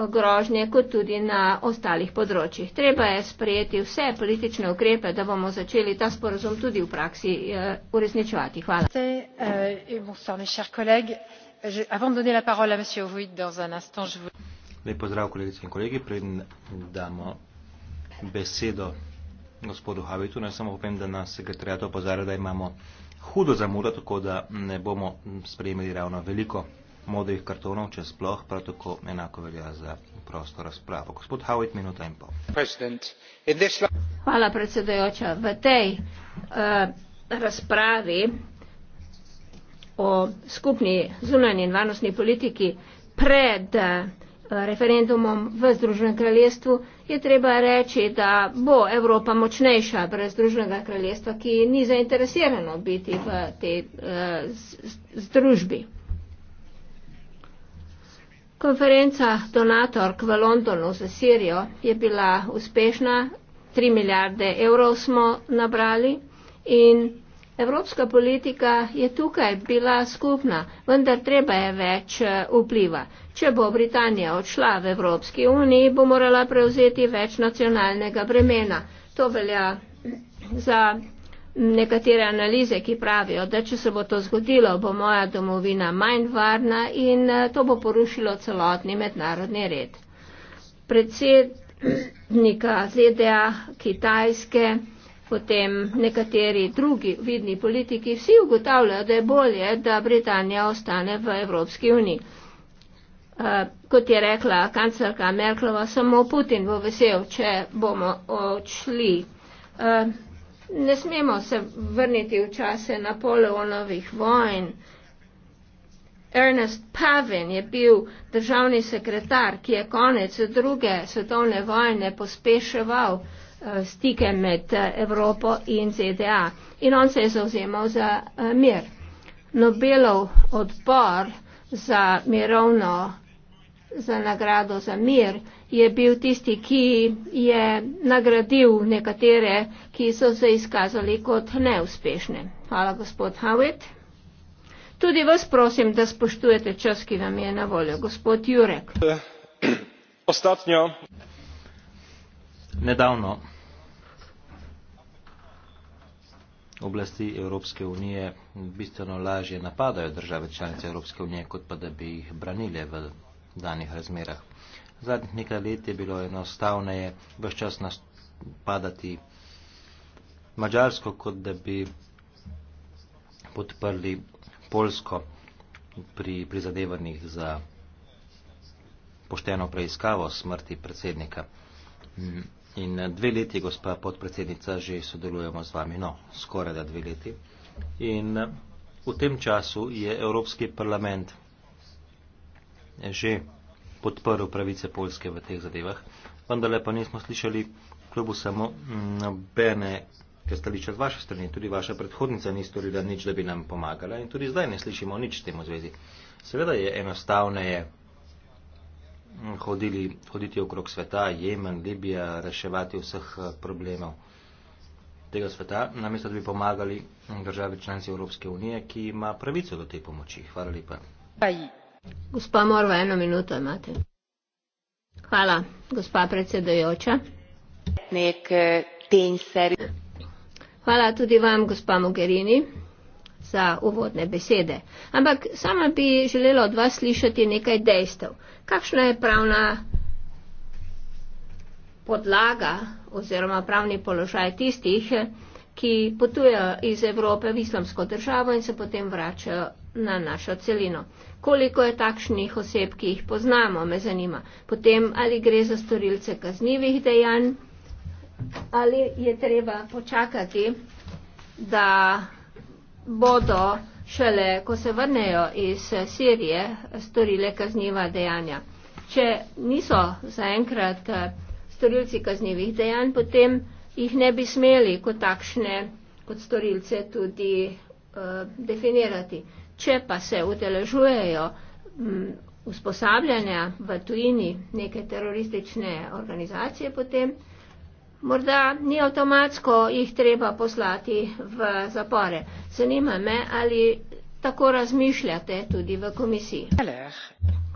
grožnje kot tudi na ostalih področjih. Treba je sprejeti vse politične ukrepe, da bomo začeli ta sporozum tudi v praksi uh, uresničevati. Hvala. Eh, Lep pozdrav, kolegice in kolegi. Preden damo besedo gospodu Havitu, naj samo povem, da nas sekretarjato opozarja, da imamo hudo zamudo, tako da ne bomo sprejemili ravno veliko modrih kartonov, če sploh, prav tako enako velja za prosto razpravo. Gospod Howitt, minuta in pol. Hvala, predsedojoča. V tej uh, razpravi o skupni zunanji in varnostni politiki pred eh, referendumom v Združenem kraljestvu je treba reči, da bo Evropa močnejša brez Združenega kraljestva, ki ni zainteresirano biti v tej eh, združbi. Konferenca donatork v Londonu za Sirijo je bila uspešna, 3 milijarde evrov smo nabrali in evropska politika je tukaj bila skupna, vendar treba je več eh, vpliva. Če bo Britanija odšla v Evropski uniji, bo morala prevzeti več nacionalnega bremena. To velja za nekatere analize, ki pravijo, da če se bo to zgodilo, bo moja domovina manj varna in eh, to bo porušilo celotni mednarodni red. Predsednika ZDA, Kitajske, potem nekateri drugi vidni politiki, vsi ugotavljajo, da je bolje, da Britanija ostane v Evropski uniji. Uh, kot je rekla kancelka Merklova, samo Putin bo vesel, če bomo odšli. Uh, ne smemo se vrniti v čase Napoleonovih vojn. Ernest Pavin je bil državni sekretar, ki je konec druge svetovne vojne pospeševal eh, stike med eh, Evropo in ZDA in on se je zauzemal za eh, mir. Nobelov odbor za mirovno za nagrado za mir, je bil tisti, ki je nagradil nekatere, ki so se izkazali kot neuspešne. Hvala, gospod Hawit. Tudi vas prosim, da spoštujete čas, ki vam je na voljo. Gospod Jurek. Ostatnjo. Nedavno oblasti Evropske unije bistveno lažje napadajo države članice Evropske unije, kot pa da bi jih branile v danih razmerah. Zadnjih nekaj let je bilo enostavneje vse čas napadati Mačarsko, kot da bi podprli Polsko pri prizadevanjih za pošteno preiskavo smrti predsednika. In dve leti, gospa podpredsednica, že sodelujemo z vami, no, skoraj da dve leti. In v tem času je Evropski parlament že podprl pravice Poljske v teh zadevah, vendar pa nismo slišali klubu samo nobene stališča z vaše strani. Tudi vaša predhodnica ni storila nič, da bi nam pomagala in tudi zdaj ne slišimo nič s tem v zvezi. Seveda je enostavneje hodili, hoditi okrog sveta, Jemen, Libija, reševati vseh eh, problemov tega sveta, namesto da bi pomagali državi članci Evropske unije, ki ima pravico do te pomoči. Hvala lepa. Bye. Gospa Morva, eno minuto imate. Hvala, gospa predsedajoča. Nek eh, tenser. Hvala tudi vam, gospa Mogherini, za uvodne besede. Ampak sama bi želela od vas slišati nekaj dejstev. Kakšna je pravna podlaga oziroma pravni položaj tistih, ki potujejo iz Evrope v islamsko državo in se potem vračajo na našo celino. Koliko je takšnih oseb, ki jih poznamo, me zanima. Potem, ali gre za storilce kaznjivih dejanj, ali je treba počakati, da bodo šele, ko se vrnejo iz Sirije, storile kaznjiva dejanja. Če niso zaenkrat eh, storilci kaznjivih dejanj, potem jih ne bi smeli kot takšne, kot storilce tudi uh, definirati. Če pa se udeležujejo m, mm, usposabljanja v tujini neke teroristične organizacije, potem morda ni avtomatsko jih treba poslati v zapore. Zanima me, ali tako razmišljate tudi v komisiji.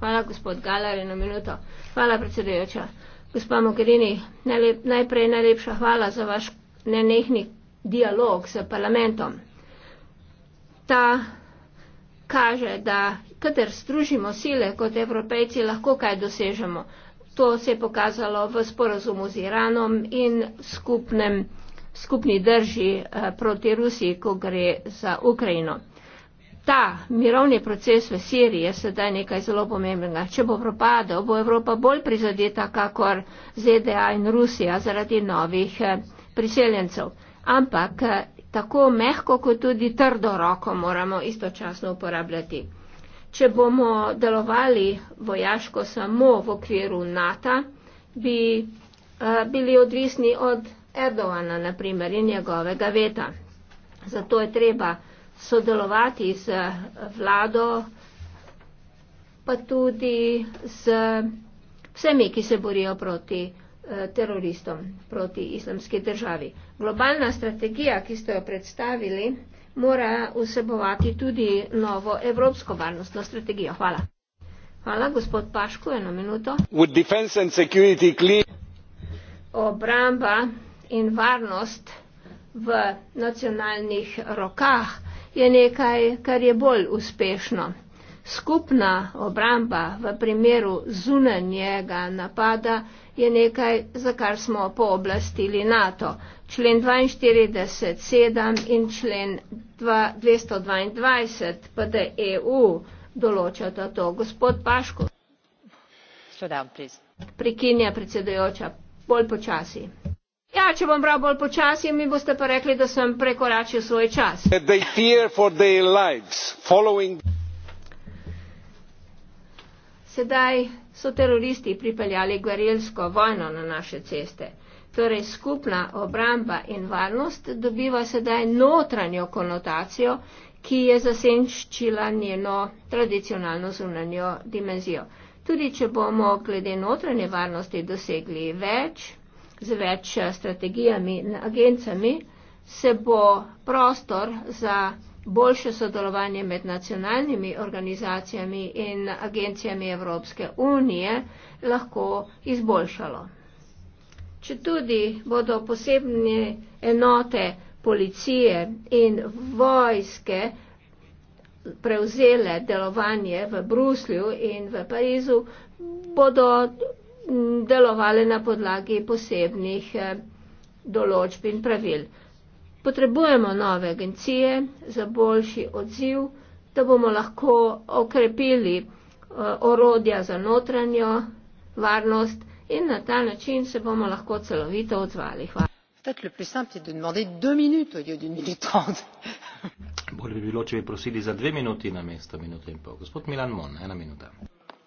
Hvala, gospod Galar, eno minuto. Hvala, predsedujoča. Gospa Mogherini, najlep, najprej najlepša hvala za vaš nenehni dialog s parlamentom. Ta kaže, da kater stružimo sile kot evropejci, lahko kaj dosežemo. To se je pokazalo v sporazumu z Iranom in skupnem, skupni drži eh, proti Rusiji, ko gre za Ukrajino. Ta mirovni proces v Siriji je sedaj nekaj zelo pomembnega. Če bo propadel, bo Evropa bolj prizadeta, kakor ZDA in Rusija zaradi novih eh, priseljencev. Ampak eh, tako mehko kot tudi trdo roko moramo istočasno uporabljati. Če bomo delovali vojaško samo v okviru NATO, bi uh, bili odvisni od Erdoana, naprimer, in njegovega veta. Zato je treba sodelovati z eh, vlado, pa tudi z vsemi, ki se borijo proti. Eh, teroristom proti islamski državi. Globalna strategija, ki ste jo predstavili, mora vsebovati tudi novo evropsko varnostno strategijo. Hvala. Hvala, gospod Paško, eno minuto. Obramba in varnost v nacionalnih rokah je nekaj, kar je bolj uspešno. Skupna obramba v primeru zunanjega napada je nekaj, za kar smo pooblastili NATO. Člen 42.7 in člen 222 PD EU določata to. Gospod Paško. Prekinja predsedujoča. Bolj počasi. Ja, če bom prav bolj počasi, mi boste pa rekli, da sem prekoračil svoj čas. Sedaj so teroristi pripeljali gverilsko vojno na naše ceste. Torej skupna obramba in varnost dobiva sedaj notranjo konotacijo, ki je zasenčila njeno tradicionalno zunanjo dimenzijo. Tudi če bomo glede notranje varnosti dosegli več, z več strategijami in agencami, se bo prostor za boljše sodelovanje med nacionalnimi organizacijami in agencijami Evropske unije lahko izboljšalo. Če tudi bodo posebne enote policije in vojske prevzele delovanje v Bruslju in v Parizu, bodo delovali na podlagi posebnih eh, določb in pravil. Potrebujemo nove agencije za boljši odziv, da bomo lahko okrepili eh, orodja za notranjo varnost in na ta način se bomo lahko celovito odzvali. Hvala. Peut-être le plus simple, c'est de demander deux minutes au lieu d'une minute trente. Bon, le bilan, je vais procéder à deux minutes, une minute, une minute et un peu. Gospod Milan Mon, une minute.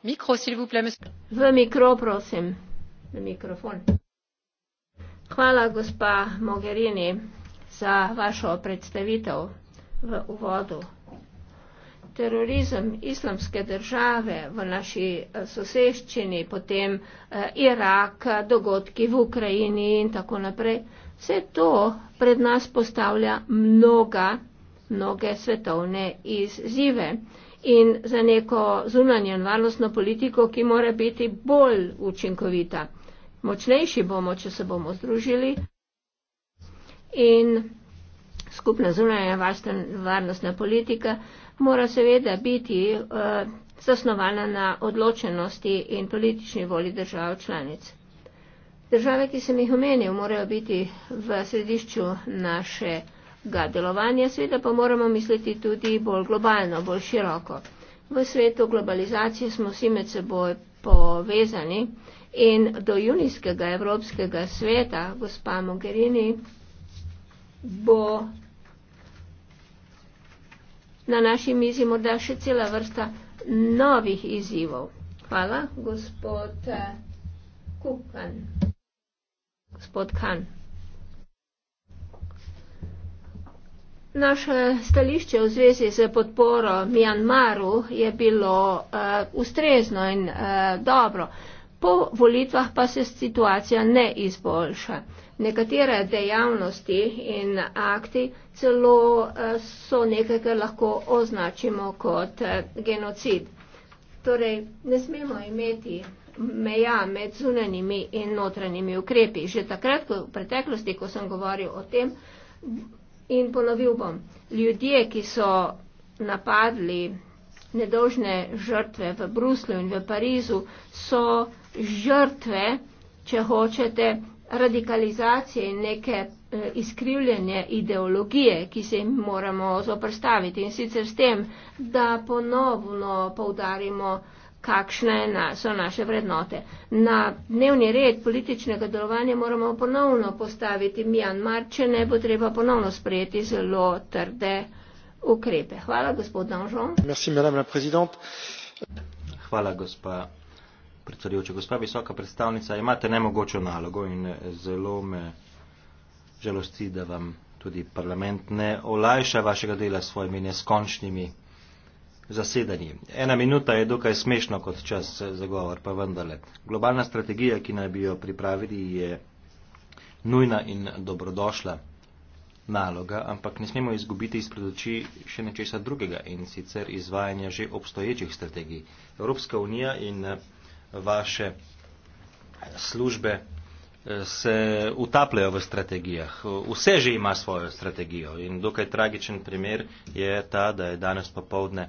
Micro, s'il vous plaît, monsieur. Le micro, prosim. Le microphone. Hvala, gospa Mogherini za vašo predstavitev v uvodu. Terorizem islamske države v naši eh, soseščini, potem eh, Irak, dogodki v Ukrajini in tako naprej, vse to pred nas postavlja mnoga, mnoge svetovne izzive. In za neko zunanje varnostno politiko, ki mora biti bolj učinkovita. Močnejši bomo, če se bomo združili in skupna zunanja varnostna politika mora seveda biti uh, zasnovana na odločenosti in politični voli držav članic. Države, ki sem jih omenil, morajo biti v središču našega delovanja, seveda pa moramo misliti tudi bolj globalno, bolj široko. V svetu globalizacije smo vsi med seboj povezani in do junijskega Evropskega sveta, gospa Mogherini, bo na naši mizi morda še cela vrsta novih izzivov. Hvala, gospod eh, Kukan. Gospod Kan. Naše stališče v zvezi z podporo Mjanmaru je bilo uh, ustrezno in uh, dobro po volitvah pa se situacija ne izboljša. Nekatere dejavnosti in akti celo eh, so nekaj, kar lahko označimo kot eh, genocid. Torej, ne smemo imeti meja med zunanimi in notranjimi ukrepi. Že takrat, ko, v preteklosti, ko sem govoril o tem in ponovil bom, ljudje, ki so napadli nedolžne žrtve v Bruslju in v Parizu, so žrtve, če hočete, radikalizacije in neke eh, izkrivljanje ideologije, ki se jim moramo zoprstaviti in sicer s tem, da ponovno poudarimo, kakšne so naše vrednote. Na dnevni red političnega delovanja moramo ponovno postaviti Mjanmar, če ne bo treba ponovno sprejeti zelo trde ukrepe. Hvala, gospod Danžon. Hvala, gospa predsedujoča, gospa visoka predstavnica, imate nemogočo nalogo in eh, zelo me žalosti, da vam tudi parlament ne olajša vašega dela s svojimi neskončnimi zasedanji. Ena minuta je dokaj smešno kot čas za govor, pa vendarle. Globalna strategija, ki naj bi jo pripravili, je nujna in dobrodošla naloga, ampak ne smemo izgubiti izpred oči še nečesa drugega in sicer izvajanja že obstoječih strategij. Evropska unija in eh, vaše službe eh, se utapljajo v strategijah. Vse že ima svojo strategijo in dokaj tragičen primer je ta, da je danes popovdne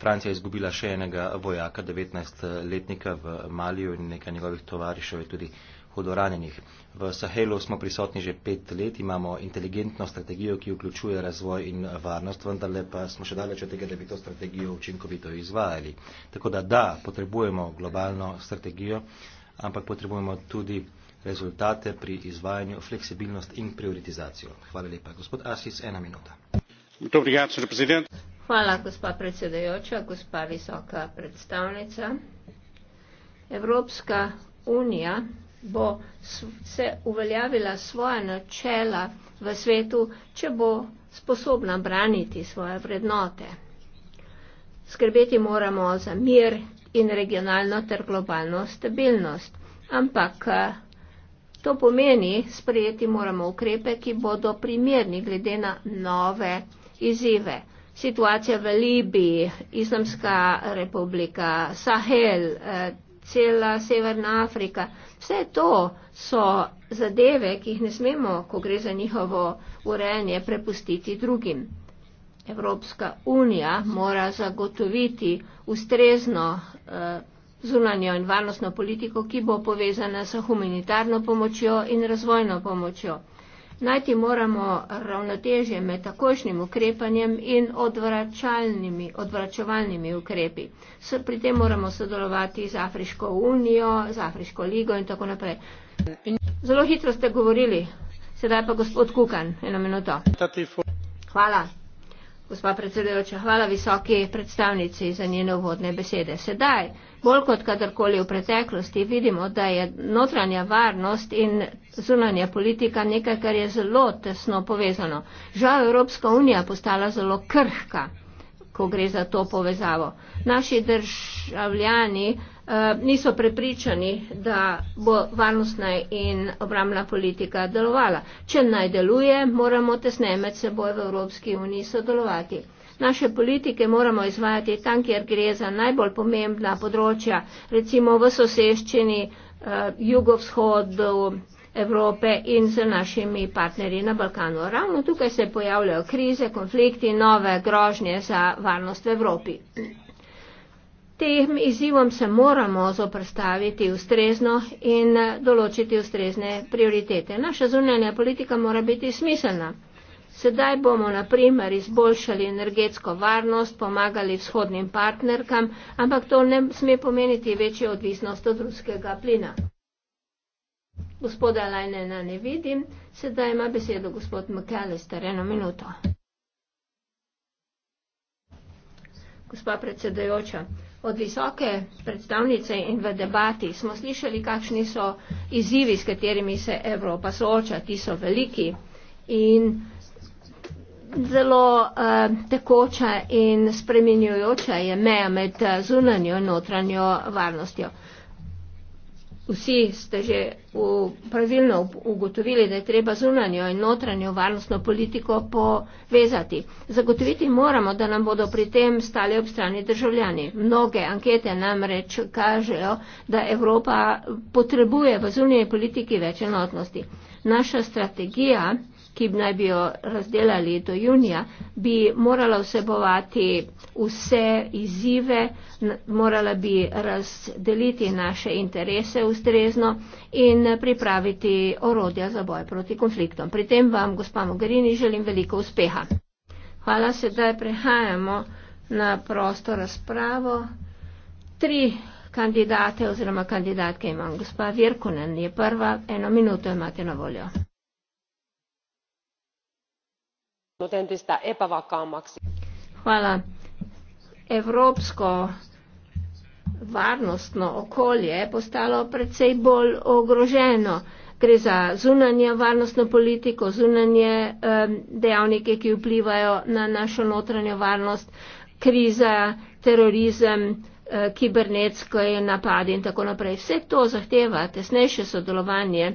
Francija izgubila še enega vojaka, 19-letnika v Maliju in nekaj njegovih tovarišev je tudi uh, hudo ranjenih. V Sahelu smo prisotni že pet let, imamo inteligentno strategijo, ki vključuje razvoj in varnost, vendar pa smo še daleč od tega, da bi to strategijo učinkovito izvajali. Tako da da, potrebujemo globalno strategijo, ampak potrebujemo tudi rezultate pri izvajanju, fleksibilnost in prioritizacijo. Hvala lepa. Gospod Asis, ena minuta. Hvala, gospa predsedajoča, gospa visoka predstavnica. Evropska unija bo se uveljavila svoja načela v svetu, če bo sposobna braniti svoje vrednote. Skrbeti moramo za mir in regionalno ter globalno stabilnost, ampak to pomeni, sprejeti moramo ukrepe, ki bodo primerni glede na nove izzive. Situacija v Libiji, Islamska republika, Sahel, eh, cela Severna Afrika, Vse to so zadeve, ki jih ne smemo, ko gre za njihovo urejanje, prepustiti drugim. Evropska unija mora zagotoviti ustrezno eh, zunanjo in varnostno politiko, ki bo povezana s humanitarno pomočjo in razvojno pomočjo. Najti moramo ravnotežje med takošnjim ukrepanjem in odvračalnimi, odvračevalnimi ukrepi. Pri tem moramo sodelovati z Afriško unijo, z Afriško ligo in tako naprej. Zelo hitro ste govorili, sedaj pa gospod Kukan, eno minuto. Hvala. Gospa predsedujoča, hvala visoki predstavnici za njene uvodne besede. Sedaj bolj kot kadarkoli v preteklosti vidimo, da je notranja varnost in zunanja politika nekaj, kar je zelo tesno povezano. Žal Evropska unija postala zelo krhka, ko gre za to povezavo. Naši državljani uh, niso prepričani, da bo varnostna in obramna politika delovala. Če naj deluje, moramo tesneje med seboj v Evropski uniji sodelovati. Naše politike moramo izvajati tam, kjer gre za najbolj pomembna področja, recimo v soseščini eh, jugovzhodu Evrope in z našimi partnerji na Balkanu. Ravno tukaj se pojavljajo krize, konflikti, nove grožnje za varnost v Evropi. Tem izzivom se moramo zoprstaviti ustrezno in določiti ustrezne prioritete. Naša zunanja politika mora biti smiselna. Sedaj bomo na primer izboljšali energetsko varnost, pomagali vzhodnim partnerkam, ampak to ne sme pomeniti večjo odvisnost od ruskega plina. Gospoda Lajnena ne vidim, sedaj ima besedo gospod McAllister, eno minuto. Gospa predsedajoča, od visoke predstavnice in v debati smo slišali, kakšni so izzivi, s katerimi se Evropa sooča, ti so veliki. In zelo uh, tekoča in spremenjujoča je meja med eh, zunanjo in notranjo varnostjo. Vsi ste že v, pravilno ugotovili, da je treba zunanjo in notranjo varnostno politiko povezati. Zagotoviti moramo, da nam bodo pri tem stali ob strani državljani. Mnoge ankete namreč kažejo, da Evropa potrebuje v zunanji politiki več enotnosti. Naša strategija ki bi naj bi jo razdelali do junija, bi morala vsebovati vse izzive, morala bi razdeliti naše interese ustrezno in pripraviti orodja za boj proti konfliktom. Pri tem vam, gospa Mogherini, želim veliko uspeha. Hvala, sedaj prehajamo na prosto razpravo. Tri kandidate oziroma kandidatke imam. Gospa Virkunen je prva, eno minuto imate na voljo muuttunut entistä epävakaammaksi. Hvala. Evropsko varnostno okolje je postalo predvsej bolj ogroženo. Gre za zunanje varnostno politiko, zunanje um, dejavnike, ki vplivajo na našo notranjo varnost, kriza, terorizem, uh, kibernetske napade in tako naprej. Vse to zahteva tesnejše sodelovanje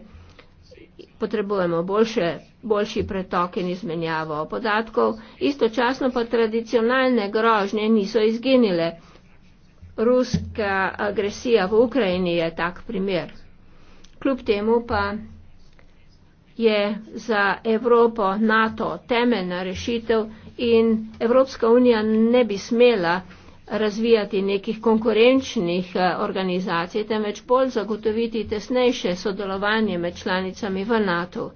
potrebujemo boljše, boljši pretok in izmenjavo podatkov, istočasno pa tradicionalne grožnje niso izginile. Ruska agresija v Ukrajini je tak primer. Kljub temu pa je za Evropo NATO temeljna rešitev in Evropska unija ne bi smela razvijati nekih konkurenčnih eh, organizacij, temveč bolj zagotoviti tesnejše sodelovanje med članicami v NATO.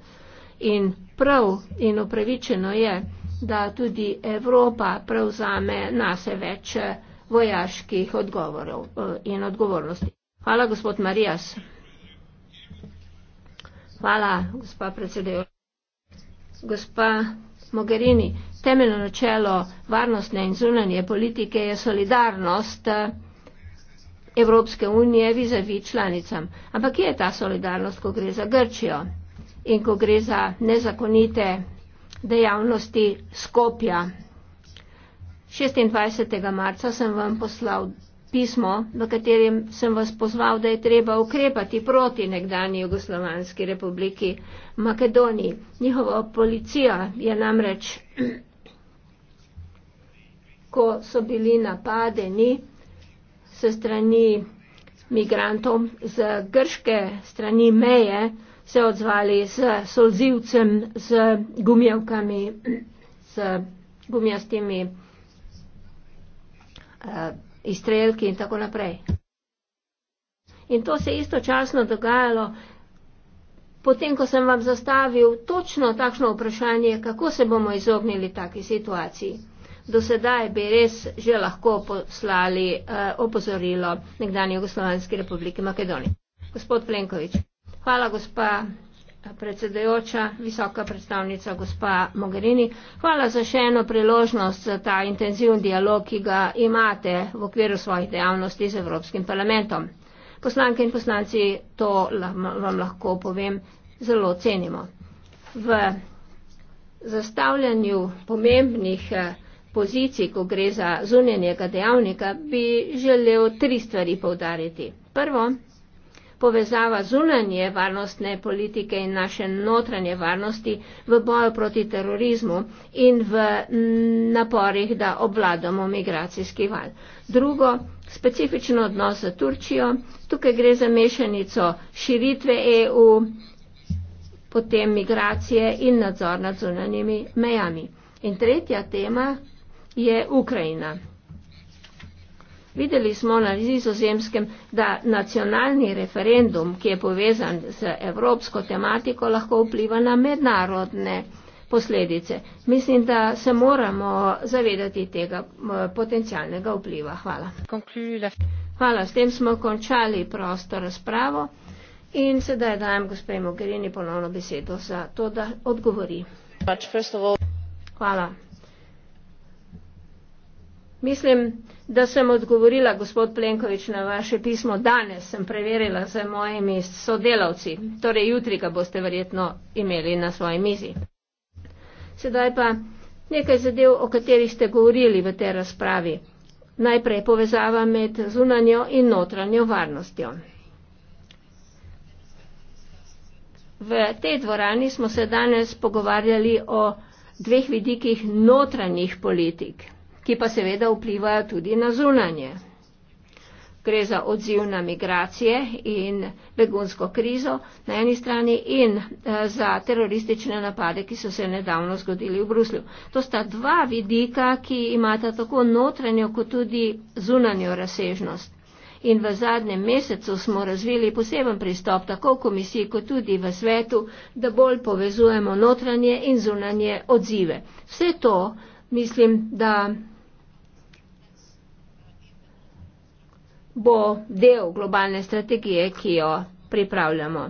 In prav in upravičeno je, da tudi Evropa prevzame nase več eh, vojaških odgovorov eh, in odgovornosti. Hvala, gospod Marijas. Hvala, gospa predsedujoča. Gospa Mogherini, temeljno načelo varnostne in zunanje politike je solidarnost eh, Evropske unije vizavi članicam. Ampak kje je ta solidarnost, ko gre za Grčijo in ko gre za nezakonite dejavnosti Skopja? 26. marca sem vam poslal pismo, v katerem sem vas pozval, da je treba ukrepati proti nekdani Jugoslovanski republiki Makedoniji. Njihova policija je namreč, ko so bili napadeni se strani migrantom z grške strani meje, se odzvali z solzivcem, z gumijavkami, z gumijastimi. Uh, izstrelki in tako naprej. In to se je istočasno dogajalo, potem ko sem vam zastavil točno takšno vprašanje, kako se bomo izognili taki situaciji. Do sedaj bi res že lahko poslali eh, opozorilo nekdanje Jugoslovanske republike Makedonije. Gospod Plenković. Hvala, gospa predsedujoča, visoka predstavnica gospa Mogherini. Hvala za še eno priložnost za ta intenzivni dialog, ki ga imate v okviru svojih dejavnosti z Evropskim parlamentom. Poslanke in poslanci to vam lahko povem zelo cenimo. V zastavljanju pomembnih eh, pozicij, ko gre za zunjenega dejavnika, bi želel tri stvari povdariti. Prvo, povezava zunanje varnostne politike in naše notranje varnosti v boju proti terorizmu in v naporih, da obvladamo migracijski val. Drugo, specifično odnos z Turčijo. Tukaj gre za mešanico širitve EU, potem migracije in nadzor nad zunanjimi mejami. In tretja tema je Ukrajina. Videli smo na nizozemskem, da nacionalni referendum, ki je povezan z evropsko tematiko, lahko vpliva na mednarodne posledice. Mislim, da se moramo zavedati tega potencialnega vpliva. Hvala. Hvala, s tem smo končali prosto razpravo in sedaj dajem gospe Mogherini ponovno besedo za to, da odgovori. Hvala. Mislim, da sem odgovorila, gospod Plenković, na vaše pismo. Danes sem preverila z mojimi sodelavci, torej jutri ga boste verjetno imeli na svoji mizi. Sedaj pa nekaj zadev, o katerih ste govorili v tej razpravi. Najprej povezava med zunanjo in notranjo varnostjo. V tej dvorani smo se danes pogovarjali o dveh vidikih notranjih politik ki pa seveda vplivajo tudi na zunanje. Gre za odziv na migracije in begunsko krizo na eni strani in eh, za teroristične napade, ki so se nedavno zgodili v Bruslju. To sta dva vidika, ki imata tako notranjo kot tudi zunanjo razsežnost. In v zadnjem mesecu smo razvili poseben pristop tako v komisiji kot tudi v svetu, da bolj povezujemo notranje in zunanje odzive. Vse to mislim, da bo del globalne strategije, ki jo pripravljamo.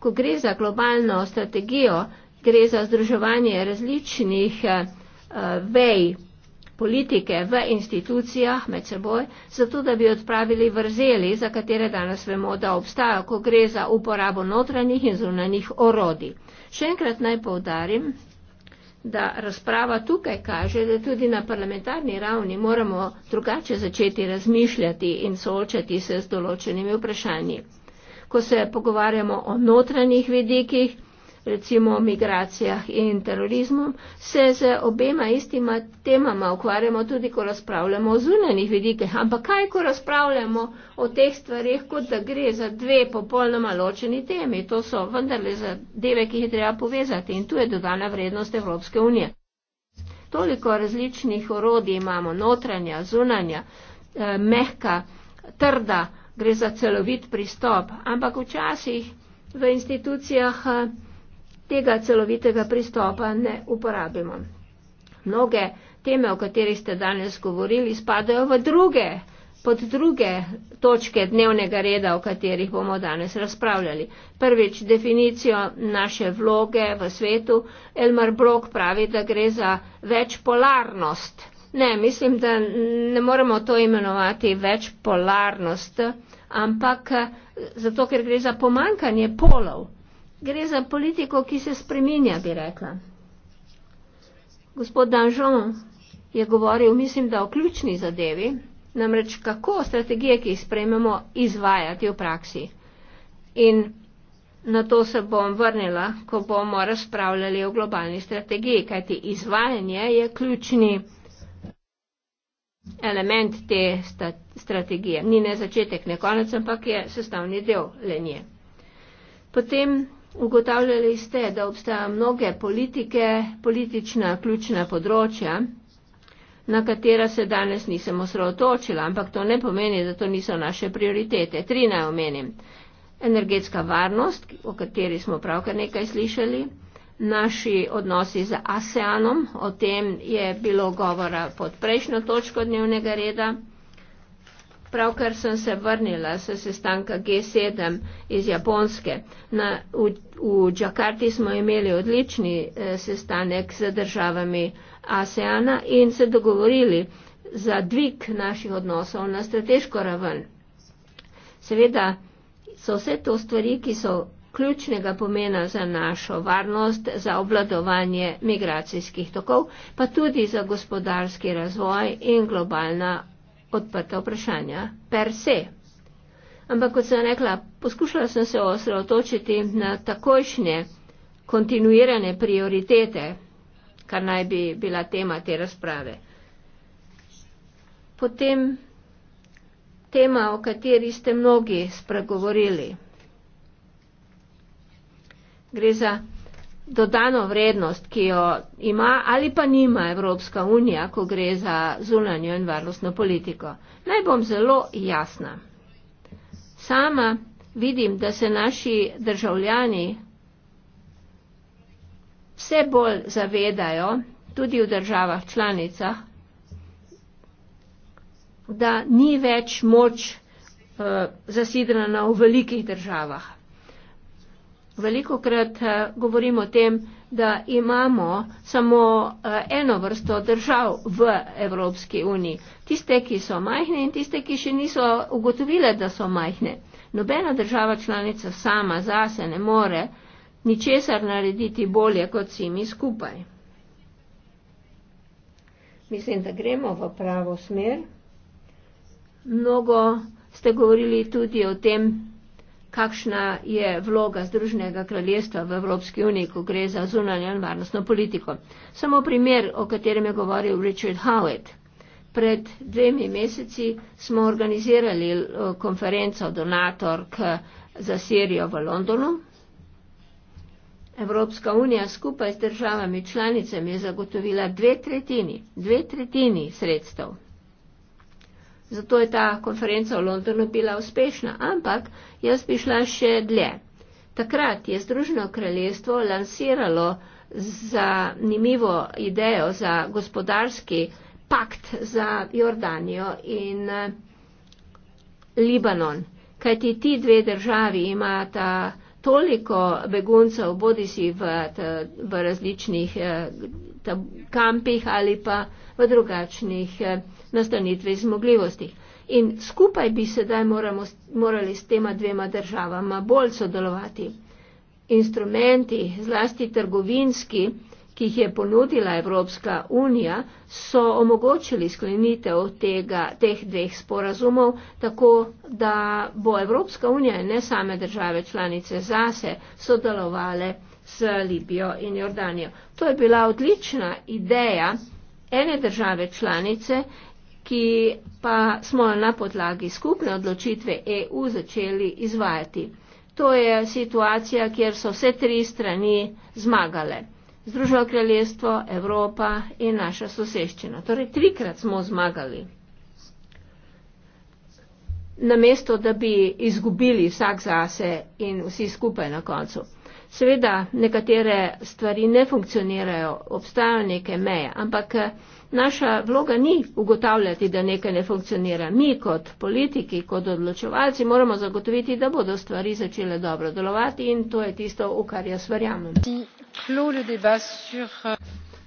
Ko gre za globalno strategijo, gre za združevanje različnih uh, vej politike v institucijah med seboj, zato da bi odpravili vrzeli, za katere danes vemo, da obstajajo, ko gre za uporabo notranjih in zunanjih orodij. Še enkrat naj povdarim, da razprava tukaj kaže, da tudi na parlamentarni ravni moramo drugače začeti razmišljati in soočati se z določenimi vprašanji. Ko se pogovarjamo o notranjih vidikih, recimo o migracijah in terorizmom, se z obema istima temama ukvarjamo tudi, ko razpravljamo o zunanjih vidikih. Ampak kaj, ko razpravljamo o teh stvarih, kot da gre za dve popolnoma ločeni temi? To so vendarle zadeve, ki jih treba povezati in tu je dodana vrednost Evropske unije. Toliko različnih orodij imamo, notranja, zunanja, eh, mehka, trda, gre za celovit pristop, ampak včasih v institucijah eh, tega celovitega pristopa ne uporabimo. Mnoge teme, o katerih ste danes govorili, spadajo v druge, pod druge točke dnevnega reda, o katerih bomo danes razpravljali. Prvič, definicijo naše vloge v svetu. Elmar Brok pravi, da gre za večpolarnost. Ne, mislim, da ne moremo to imenovati večpolarnost, ampak eh, zato, ker gre za pomankanje polov. Gre za politiko, ki se spreminja, bi rekla. Gospod Danžon je govoril, mislim, da o ključni zadevi, namreč kako strategije, ki jih sprejmemo, izvajati v praksi. In na to se bom vrnila, ko bomo razpravljali o globalni strategiji, kajti izvajanje je ključni element te strategije. Ni ne začetek, ne konec, ampak je sestavni del lenje. Potem Ugotavljali ste, da obstaja mnoge politike, politična ključna področja, na katera se danes nisem osredotočila, ampak to ne pomeni, da to niso naše prioritete. Tri naj omenim. Energetska varnost, o kateri smo pravkar nekaj slišali, naši odnosi z ASEANom, o tem je bilo govora pod prejšnjo točko dnevnega reda. Pravkar sem se vrnila s sestanka G7 iz Japonske. Na, v Džakarti smo imeli odlični eh, sestanek z državami ASEANA in se dogovorili za dvig naših odnosov na strateško raven. Seveda so vse to stvari, ki so ključnega pomena za našo varnost, za obladovanje migracijskih tokov, pa tudi za gospodarski razvoj in globalna odprta vprašanja per se. Ampak kot sem rekla, poskušala sem se osredotočiti na takojšnje kontinuirane prioritete, kar naj bi bila tema te razprave. Potem tema, o kateri ste mnogi spregovorili. Gre za dodano vrednost, ki jo ima ali pa nima Evropska unija, ko gre za zunanjo in varnostno politiko. Naj bom zelo jasna. Sama vidim, da se naši državljani vse bolj zavedajo, tudi v državah članicah, da ni več moč uh, zasidrana v velikih državah veliko krat eh, govorimo o tem, da imamo samo eh, eno vrsto držav v Evropski uniji. Tiste, ki so majhne in tiste, ki še niso ugotovile, da so majhne. Nobena država članica sama zase ne more ničesar narediti bolje kot si mi skupaj. Mislim, da gremo v pravo smer. Mnogo ste govorili tudi o tem, kakšna je vloga Združenega kraljestva v Evropski uniji, ko gre za zunanje in varnostno politiko. Samo primer, o katerem je govoril Richard Howitt. Pred dvemi meseci smo organizirali konferenco donator za Sirijo v Londonu. Evropska unija skupaj z državami članicami je zagotovila dve tretjini, dve tretjini sredstev Zato je ta konferenca v Londonu bila uspešna, ampak jaz bi šla še dlje. Takrat je Združeno kraljestvo lansiralo zanimivo idejo za gospodarski pakt za Jordanijo in eh, Libanon, kajti ti dve državi imata toliko beguncev, bodi si v, v različnih eh, kampih ali pa v drugačnih. Eh, nastanitve zmogljivosti. In skupaj bi sedaj moramo, morali s tema dvema državama bolj sodelovati. Instrumenti, zlasti trgovinski, ki jih je ponudila Evropska unija, so omogočili sklenitev tega, teh dveh sporazumov, tako da bo Evropska unija in ne same države članice zase sodelovale s Libijo in Jordanijo. To je bila odlična ideja ene države članice ki pa smo na podlagi skupne odločitve EU začeli izvajati. To je situacija, kjer so vse tri strani zmagale. Združeno kraljestvo, Evropa in naša soseščina. Torej trikrat smo zmagali. Namesto, da bi izgubili vsak zase in vsi skupaj na koncu. Seveda, nekatere stvari ne funkcionirajo, obstajajo neke meje, ampak Naša vloga ni ugotavljati, da nekaj ne funkcionira. Mi kot politiki, kot odločevalci moramo zagotoviti, da bodo stvari začele dobro delovati in to je tisto, v kar jaz verjamem.